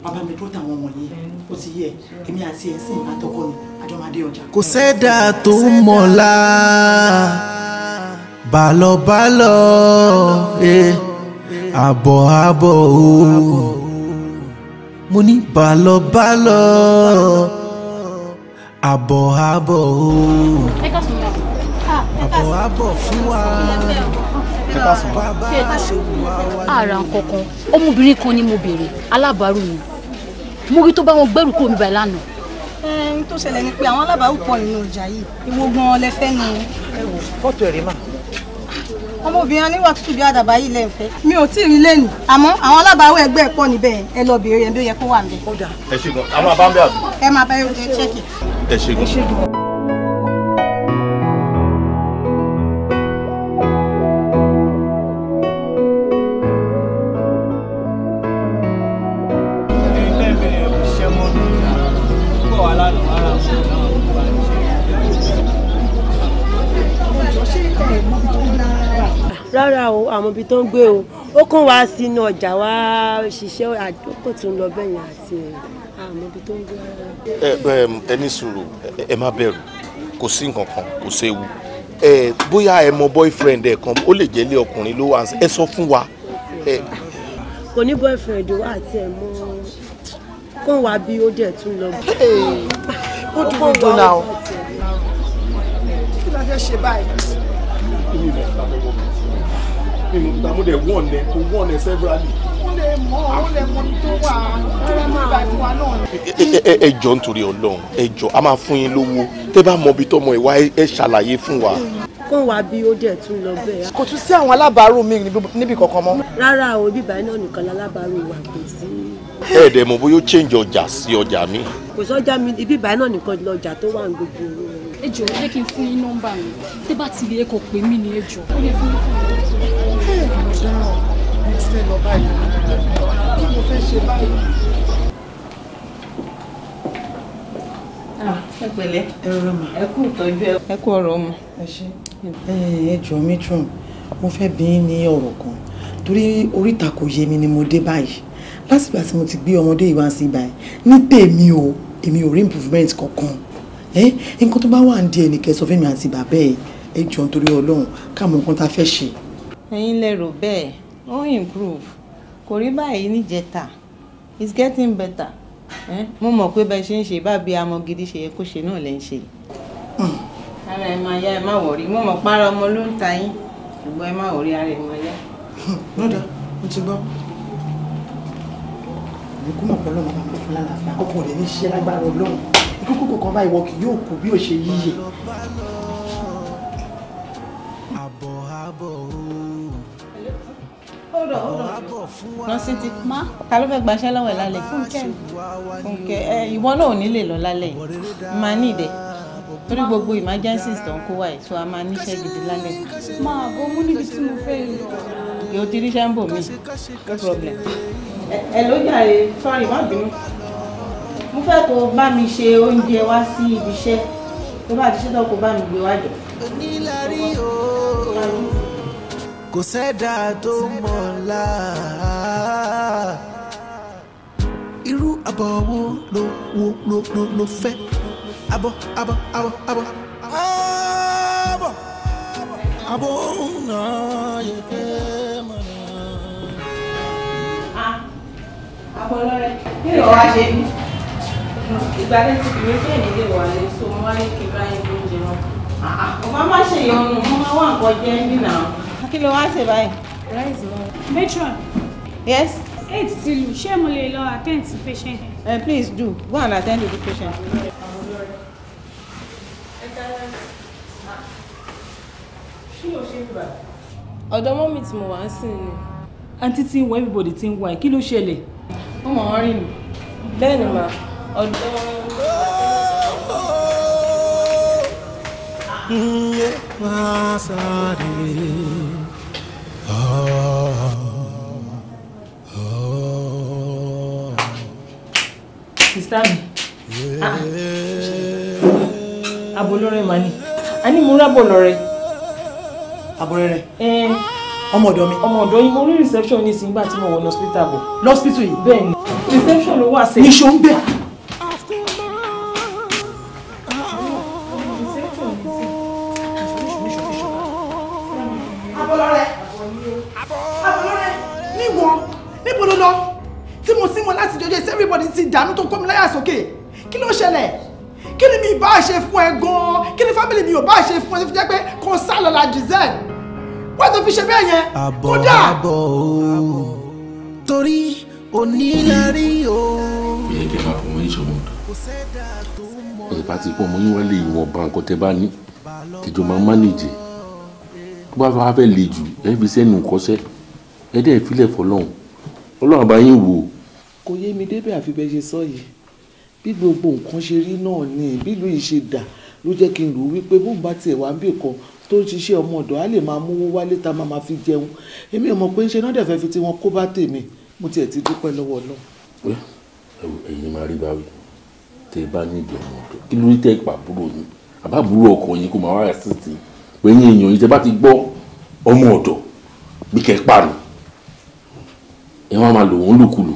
Speaker 4: bàbá mi dúró táwọn wọ̀nyí ó ti yẹ èmi àti ẹ̀sìn àtọkọ ni àjọmọdé
Speaker 1: ọjà. kò sẹ́dà tó mọ̀lá bálọ̀bálọ̀ eh, àbọ̀ àbọ̀ o mo ní bálọ̀bálọ̀ àbọ̀ àbọ̀ o àbọ̀ fún wa bàbá ṣe wà
Speaker 2: ọmọbìnrin kan ni mo béèrè alábàárù mi mo rí tó bá wọn gbẹrù kúrò mi báyìí lánàá.
Speaker 6: ẹni tó ṣẹlẹ̀ ni pé àwọn alábàárù pọ̀ nínú ọjà yìí ìwo gan-an lẹ fẹ́ nu. ẹ wò fọ́tò ẹ̀rí mà ọmọbìnrin níwà tútù bí àdàbà yìí lẹ́ mi ò tí ì rí lẹ́nu àmọ́ àwọn alábàáwọ̀ ẹgbẹ́ pọ̀ níbẹ̀ ẹ lọ bèèrè ẹ̀ bí ó yẹ kó wà níbẹ̀.
Speaker 5: ẹ ṣe gan àwọn àbá àbí.
Speaker 6: ẹ máa bá ẹ ṣẹ́kì.
Speaker 5: ẹ ṣe gan.
Speaker 2: àmọ́ ibi tó ń gbé o ó kàn wá sínú ọjà wá ṣiṣẹ́ àdókò tó ń lọ bẹ́ẹ̀ yẹn àti àmọ́ ibi tó ń gbé.
Speaker 5: ẹ ní sùúrù ẹ má bẹ̀rù kò sí nǹkan kan kò séwu bóyá ẹ mọ boyfriend ẹ kan ó lè jẹ́ ilé ọkùnrin ló wà ẹ sọ fún wa.
Speaker 2: kò ní boyfriend wa àti ẹ mọ kàn wá bí ó dẹ̀ tún lọ. ó dúró
Speaker 4: dùn náà kí la fẹ́ ṣe báyìí
Speaker 5: nínú peter mo dẹ̀ wọ́n nẹ kò wọ́n nẹ severally.
Speaker 7: wọ́n lè mọ wọ́n lè mọ tó wà ẹ̀rẹ́ máa bá ìfún wa náà.
Speaker 5: ẹ jọ nítorí Ọlọ́run ẹ jọ a máa fún yín lówó tẹ́ bá mọ ibi tọmọ ìwà ẹ ṣàlàyé fún wa
Speaker 2: kó wá bí ó dẹ̀ tún lọ
Speaker 4: bẹ́ẹ̀. kò tún sí àwọn alábàárò mi níbi kankan mọ́.
Speaker 2: rárá o ibi ìbàdàn náà nìkan lálábàárò wa kò sí.
Speaker 5: ẹ dẹ̀ mọ̀ bóyá ó change ọjà sí ọjà mi.
Speaker 2: kò sọ́jà mi ibi ìbàdàn náà nìkan lọ́jà tó wà ní gbogbo òru. ẹ jọ̀ọ́ jẹ́ kí n fún yín nọ́mbà mi tẹ́ bá ti lè kọ̀ pé mí ni ẹ jọ̀ọ́ ó lè
Speaker 4: fún yín fún mi ẹ̀ mo dáràn mo ti fẹ́ lọ báyìí kí mo fẹ́
Speaker 6: ṣe báyìí. ẹ pẹ̀lẹ́ ẹ kú ìtọ́jú ẹ kú ọ̀rọ̀ ọmọ. ẹ jọ matron
Speaker 4: mo fẹ́ bi yín ní ọ̀rọ̀ kan torí oríta kò yé mi ni mo dé báyìí lásìgbà tí mo ti gbé ọmọdé yìí wá sí báyìí ní tèmi o èmi ò rí improvement kankan nǹkan tó bá wà ń di ẹnìkẹ́ sọ fún mi àti bàbá ẹ̀ ẹ jọ nítorí ọlọ́run káàmù nǹkan tá a fẹ́ ṣe
Speaker 6: ẹ̀yin lè rò bẹ́ẹ̀ ó improve kò rí báyìí níjẹta it's getting better mo mọ̀ pé bẹ́ẹ̀ ṣe ń ṣe bá bí amọ gidi ṣe yẹ kó ṣe náà lẹ́ ń ṣe. ara ẹ máa yá ẹ má wọrí mo mọ̀ pààrọ̀ ọmọ ló ń ta yín ṣùgbọ́n ẹ má wọrí ara ẹ máa yá. lọ́dà mo ti gbọ́
Speaker 4: ìbùkún mọ̀ pẹ̀lú ọmọ mi fún lálàáfíà ọkọ rẹ̀ ní ṣe lágbára ọlọ́run ikú kan báyìí wọ kì
Speaker 2: yóò kú bí ó ṣe yíyẹ
Speaker 1: hold on hold on lọ́sìn ti má
Speaker 6: ta ló fẹ́ gbaṣẹ́ lọ́wọ́ ẹ̀ lálẹ́
Speaker 1: fúnkẹ́ ẹ ìwọ náà
Speaker 6: ò ní lè lọ lálẹ́ yìí máa ní ìdẹ torí gbogbo emergencies tó ń kó wa yìí tó a máa níṣẹ́ gidi lálẹ́. máa bọ́ mú níbi tí mo fẹ́ lọ. yóò ti ríṣẹ́ ń bò no problem. ẹ ló jàre sorry má bínú mo fẹ́ kó bá mi ṣe oúnjẹ wá sí ibi
Speaker 1: iṣẹ́ tó bá ti ṣe tó kó bá mi gbé wájọ. onílárí ooo kò sẹ́dá tó mọ̀lá irú abọ́ wo ló wo ló ló ló fẹ́ abọ́ abọ́ abọ́ abọ́ abọ́ abọ́ náà yẹ kẹ́ mọ̀ náà.
Speaker 6: àbọ̀ ah, lọ́rẹ́ kí ló wá ṣe bí ìgbà tẹ́sí kìíní fún èmi lè wà lé so mo wá ní kí n bá yín lóúnjẹ wọn. ọmọ má ṣèyọnu mo máa wà nǹkan jẹ́ nínà kí ló wá ṣe báyìí. matron. yes. eight ti lù ṣé mo lè lọ attend to patient. Uh, please do go and attend to the patient.
Speaker 2: ọ̀dọ̀ mọ́mì tí mo wá ń sìn ni. àǹtí tí ń wọ everybody tí ń wọ ẹ̀ kí ló ṣẹlẹ̀. ó mọ̀ ọ́n rí mi. bẹ́ẹ̀ ni mà ọ̀dọ̀.
Speaker 1: Yeah, my
Speaker 6: sista mi
Speaker 2: abo lọrẹ mà ni a ní mo rábọ lọrẹ. àbúrò rẹ.
Speaker 4: ọmọ ọ̀dọ̀ mi. ọmọ ọ̀dọ̀ yìí mo rí reception ni ìsìn nígbà tí mo wọ ní hospital bọ̀. lọ́spítù yìí. bẹ́ẹ̀ reception ló wà sẹ́yìn. níṣó ń bẹ̀. náírà sókè kí ló ṣẹlẹ̀ kí ni mi bá ṣe fún ẹ gan-an kí ni fámìlì mi ò bá ṣe fún ẹ tó fi jẹ́ pé kò sá lọ la Giselle
Speaker 1: wọ́n tó fi ṣe bẹ́ẹ̀ yẹn kódà. àbọ̀ àbọ̀ torí onílárí o.
Speaker 5: kò yẹ kí ẹ máa fọmọ yín
Speaker 1: ṣọmọ ọdọ ọsẹ pàtì ìpọ ọmọ
Speaker 5: yín wá lè ìwọ̀n ba tẹ bá ní tìjọ máa mánéjì tó bá fẹ́ fẹ́ le jù ẹ fi sẹ́nu kọ́sẹ́ ẹ dẹ́ ìfilẹ̀ fọlọ́run ọlọ́run àbáyé wò. kò yé mi débẹ̀ àfi bẹ́ẹ̀ ṣe sọ yìí bí gbogbo nǹkan ṣe rí náà ni bílù yìí ṣe dà ló jẹ́ kí n rò wípé bóun bá tiẹ̀ wá ń bì kan tó ń ṣiṣẹ́ ọmọ ọ̀dọ̀ á lè máa mówó wálé ta máa máa fi jẹun èmi ò mọ̀ pé ń ṣe náà dẹ̀fẹ́ fi tí wọ́n kó bá tèmi mo tiẹ̀ ti dúpẹ́ lọ́wọ́ Ọlọ́run. ẹ̀yin máa rí báwí tẹ́ ẹ bá nídìí ọmọ ọ̀dọ̀ kí ló rí tẹ́ ìpàbúrò yín àbábúrò ọkọ yín kó máa wá àṣìṣe pé yín èèyàn yín tẹ́ bá ti gbọ́ ọmọ ọ̀dọ̀ bí kẹ́ pààrọ̀ ẹ wọ́n máa lò wọ́n lòkulò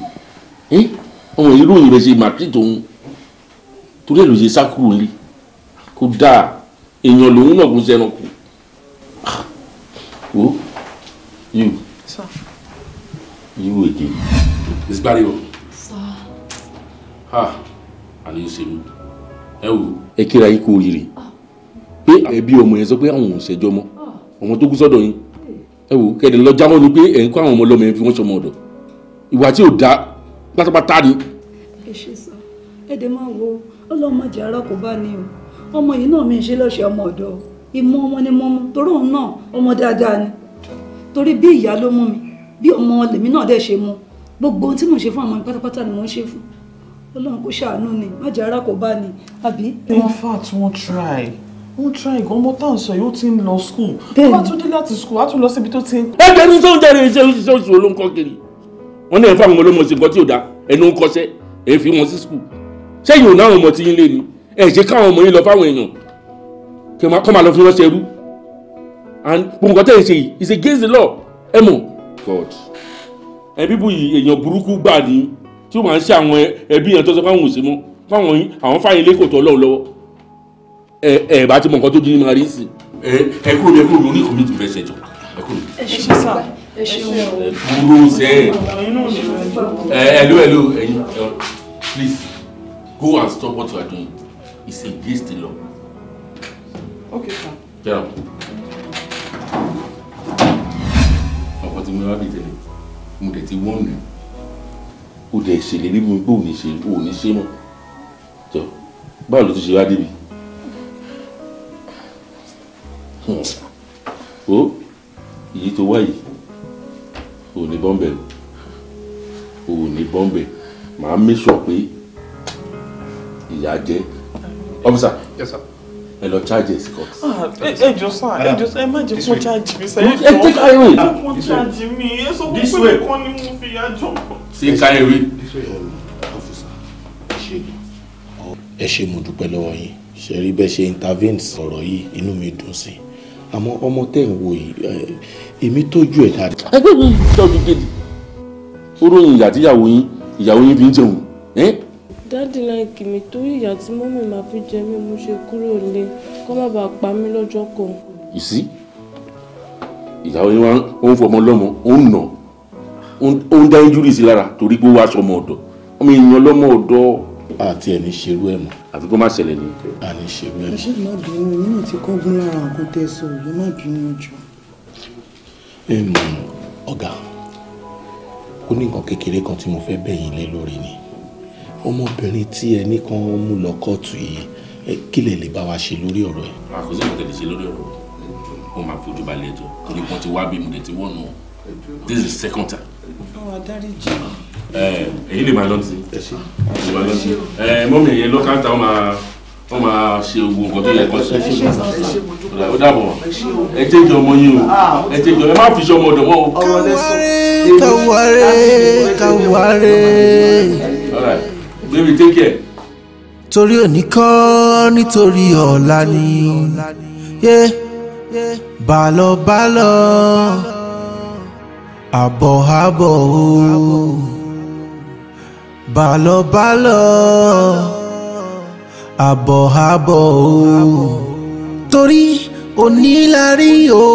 Speaker 5: ọmọ yìí lóyìn rẹ̀ ṣe màtírì tòun torí ẹ̀ ló ṣe sákúrò nílé kó dáa èèyàn lòun náà kò ń ṣẹran kù ah, wo you Sir. you again Miss Barry o ha ah, àní ń ṣe mí ẹ wò. ẹ kíra yìí kú oríire pé ah. ẹbí ọmọ yẹn sọ pé àwọn ò ṣẹjọ mọ ọmọ tó kú sọ́dọ̀ yín ẹ wò kẹdẹ lọ jámọ ni pé ẹ ń kó àwọn ọmọ lọmọ yẹn fi wọn ṣọmọ ọ̀dọ̀ ìwà tí ò dá pátápátá ni.
Speaker 2: ẹ ṣe sọ ẹ dẹ máa wo ọlọ́mọdé ara kò bá ní o ọmọ yìí náà mi ń ṣe lọ́ṣẹ̀ ọmọ ọ̀dọ́ ìmọ̀ ọmọ ni mo mú torí òun náà ọmọ dáadáa ni torí bí ìyá ló mú mi bí ọmọ lèmi náà dẹ̀ ṣe mú gbogbo ohun tí mò ṣe fún àwọn pátápátá ni mò ń ṣe fún ọlọ́run kò ṣàánú ni májà ara kò bá ní àbí. in fact
Speaker 5: wọ́n try
Speaker 3: wọ́n
Speaker 2: try gan ọmọ táwọn sọ yóò
Speaker 3: ti ń lọ school tó bá tún
Speaker 2: dé láti school á tún
Speaker 3: lọ síbi tó ti ń.
Speaker 5: ẹ jẹ́ ní sọ́jà rẹ̀ ṣe iṣẹ́ òṣù olóńkọ́ kiri wọ́n ní ẹ̀fọ́ àwọn olómọ̀ọ́sìn kan tí ò dá ẹnu ń kọ́ṣẹ́ èéfín wọn sí school sẹ́yìn ò láwọn ọmọ tí yín lé ni ẹ jẹ́ káwọn ọmọ yín lọ fáwọn èèyàn kí wọ́n máa lọ fi wọ́n ṣerú and gbogbo tẹ̀ ṣe yìí is against the law ẹ mọ̀ god ẹ bíbú yìí èèyàn burúkú gbà ní tí wọ́n máa ń ṣe àwọn ẹbí yẹn tó sọ fáwọn òsè mọ́ fáwọn yín àwọn fáyín lẹ́kọ̀ọ́ tó lọ́wọ́ lọ́wọ́ ẹ ẹ bá ti mọ nǹkan tó di ní marie sí. ẹ ẹ kúrò mi ẹ kúrò mi oní ìkùnmí ti fẹ́ ṣe jọ ẹ kúrò mi. ẹ ṣe sá ẹ ṣe wọ. ẹ kúrò sẹ́ẹ̀ ẹ ẹ ló ẹ ló ẹyin please. Go and stop what you are doing. It's against the law. Okay, sir. Yeah. out. Ọkọ tí mo wá bí tẹ́lẹ̀, mo dẹ̀ ti wọ́n nù. O dẹ̀ ṣèlérí mi pé òní ṣe òní ṣe mọ̀. Jọ, báwo ló ti ṣe wá débi? Hmm. O, èyí tó Oh, yìí, òní bọ́m̀bẹ̀, òní bọ́m̀bẹ̀, màá mẹ́sọ̀ pé ìyá jẹ ọfíìsà ẹ lọ charge ẹsì
Speaker 3: kan. ẹ jọ sá ah, ẹ jọ sá ẹ má jẹ kó charge mi sá ẹ jọ ẹ tẹ káyọ̀wé. ẹ kó charge mi ẹ sọ pé pé kan ni mo fi yá um,
Speaker 5: ṣé káyọ̀wé. ọfíìsà ẹ ṣe mo dúpẹ́ lọ́wọ́ yín ṣe rí bẹ́ẹ̀ ṣe intervene sọ̀rọ̀ yìí inú mi dùn sí i àmọ́ ọmọ tẹ̀ ń wo yìí èmi tójú ẹ̀ dáadáa. ẹgbẹ́ mi ìjọ mi gèdè ó ròyìn ìyá tíyàwó yín ìyàwó yín fi ń jẹun
Speaker 8: dáàdì láìkì mi torí ìyà tí mọ́mì máa fi jẹ mí mo ṣe kúrò lé kó má bàa pa mí lọ́jọ́ kan.
Speaker 5: ìsí ìyàwó yín wá ń fọmọ lọ́mọ ó ń nà ó ń dá injúrì sí lára torí pé ó wá sọmọ ọ̀dọ̀ ọmọ èèyàn lọ́mọ ọ̀dọ̀. àti ẹni ṣerú ẹ mọ. àti kó má ṣẹlẹ̀ ni. àní ṣerú ẹ mọ.
Speaker 7: ṣé má bínú èmi náà ti kọ́gbọ́n lára nǹkan tẹ́ sọ yìí má bínú jù.
Speaker 5: ọ̀gá ó ní nǹkan kékeré kan tí mo fẹ́ bẹ̀yìn lé lórí ni ọmọbìnrin tí ẹ nìkan mú lọ kóòtù yìí kí lè lè bá wa ṣe lórí ọ̀rọ̀ ẹ̀. àkóso ìmọ̀tẹ́ lè ṣe lórí ọ̀rọ̀ ó máa fojú balẹ̀ ẹjọ́ torí wọ́n ti wá bí mo lè ti wọ́n nù ọ́ this is second time.
Speaker 4: ọ̀rọ̀ adarí jì.
Speaker 5: èyí lè máa lọ sí i mọ́mí ẹ̀yẹ lọ́kàtà ó máa ó máa ṣe ogun nǹkan tó yẹ kó ṣe ó dàbọ̀ ẹ jẹ́jọ ọmọ yín o ah. ẹ jẹ́jọ ẹ má fi ṣọmọ ọ̀dọ̀ mọ́ o. kàwárẹ̀ kàwárẹ̀ kàwárẹ̀ baby take care.
Speaker 1: torí òní kọ́ nítorí ọ̀la ni bálọ̀bálọ̀ àbọ̀hábọ̀ o bálọ̀bálọ̀ àbọ̀hábọ̀ o torí onílárí o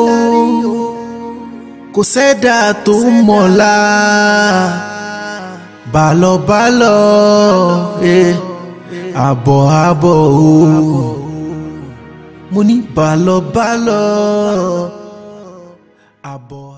Speaker 1: kò sẹ́dá tó mọ̀la bálọ̀bálọ̀ àbọ̀àbọ̀ eh. o mo ní bálọ̀bálọ̀
Speaker 9: àbọ̀.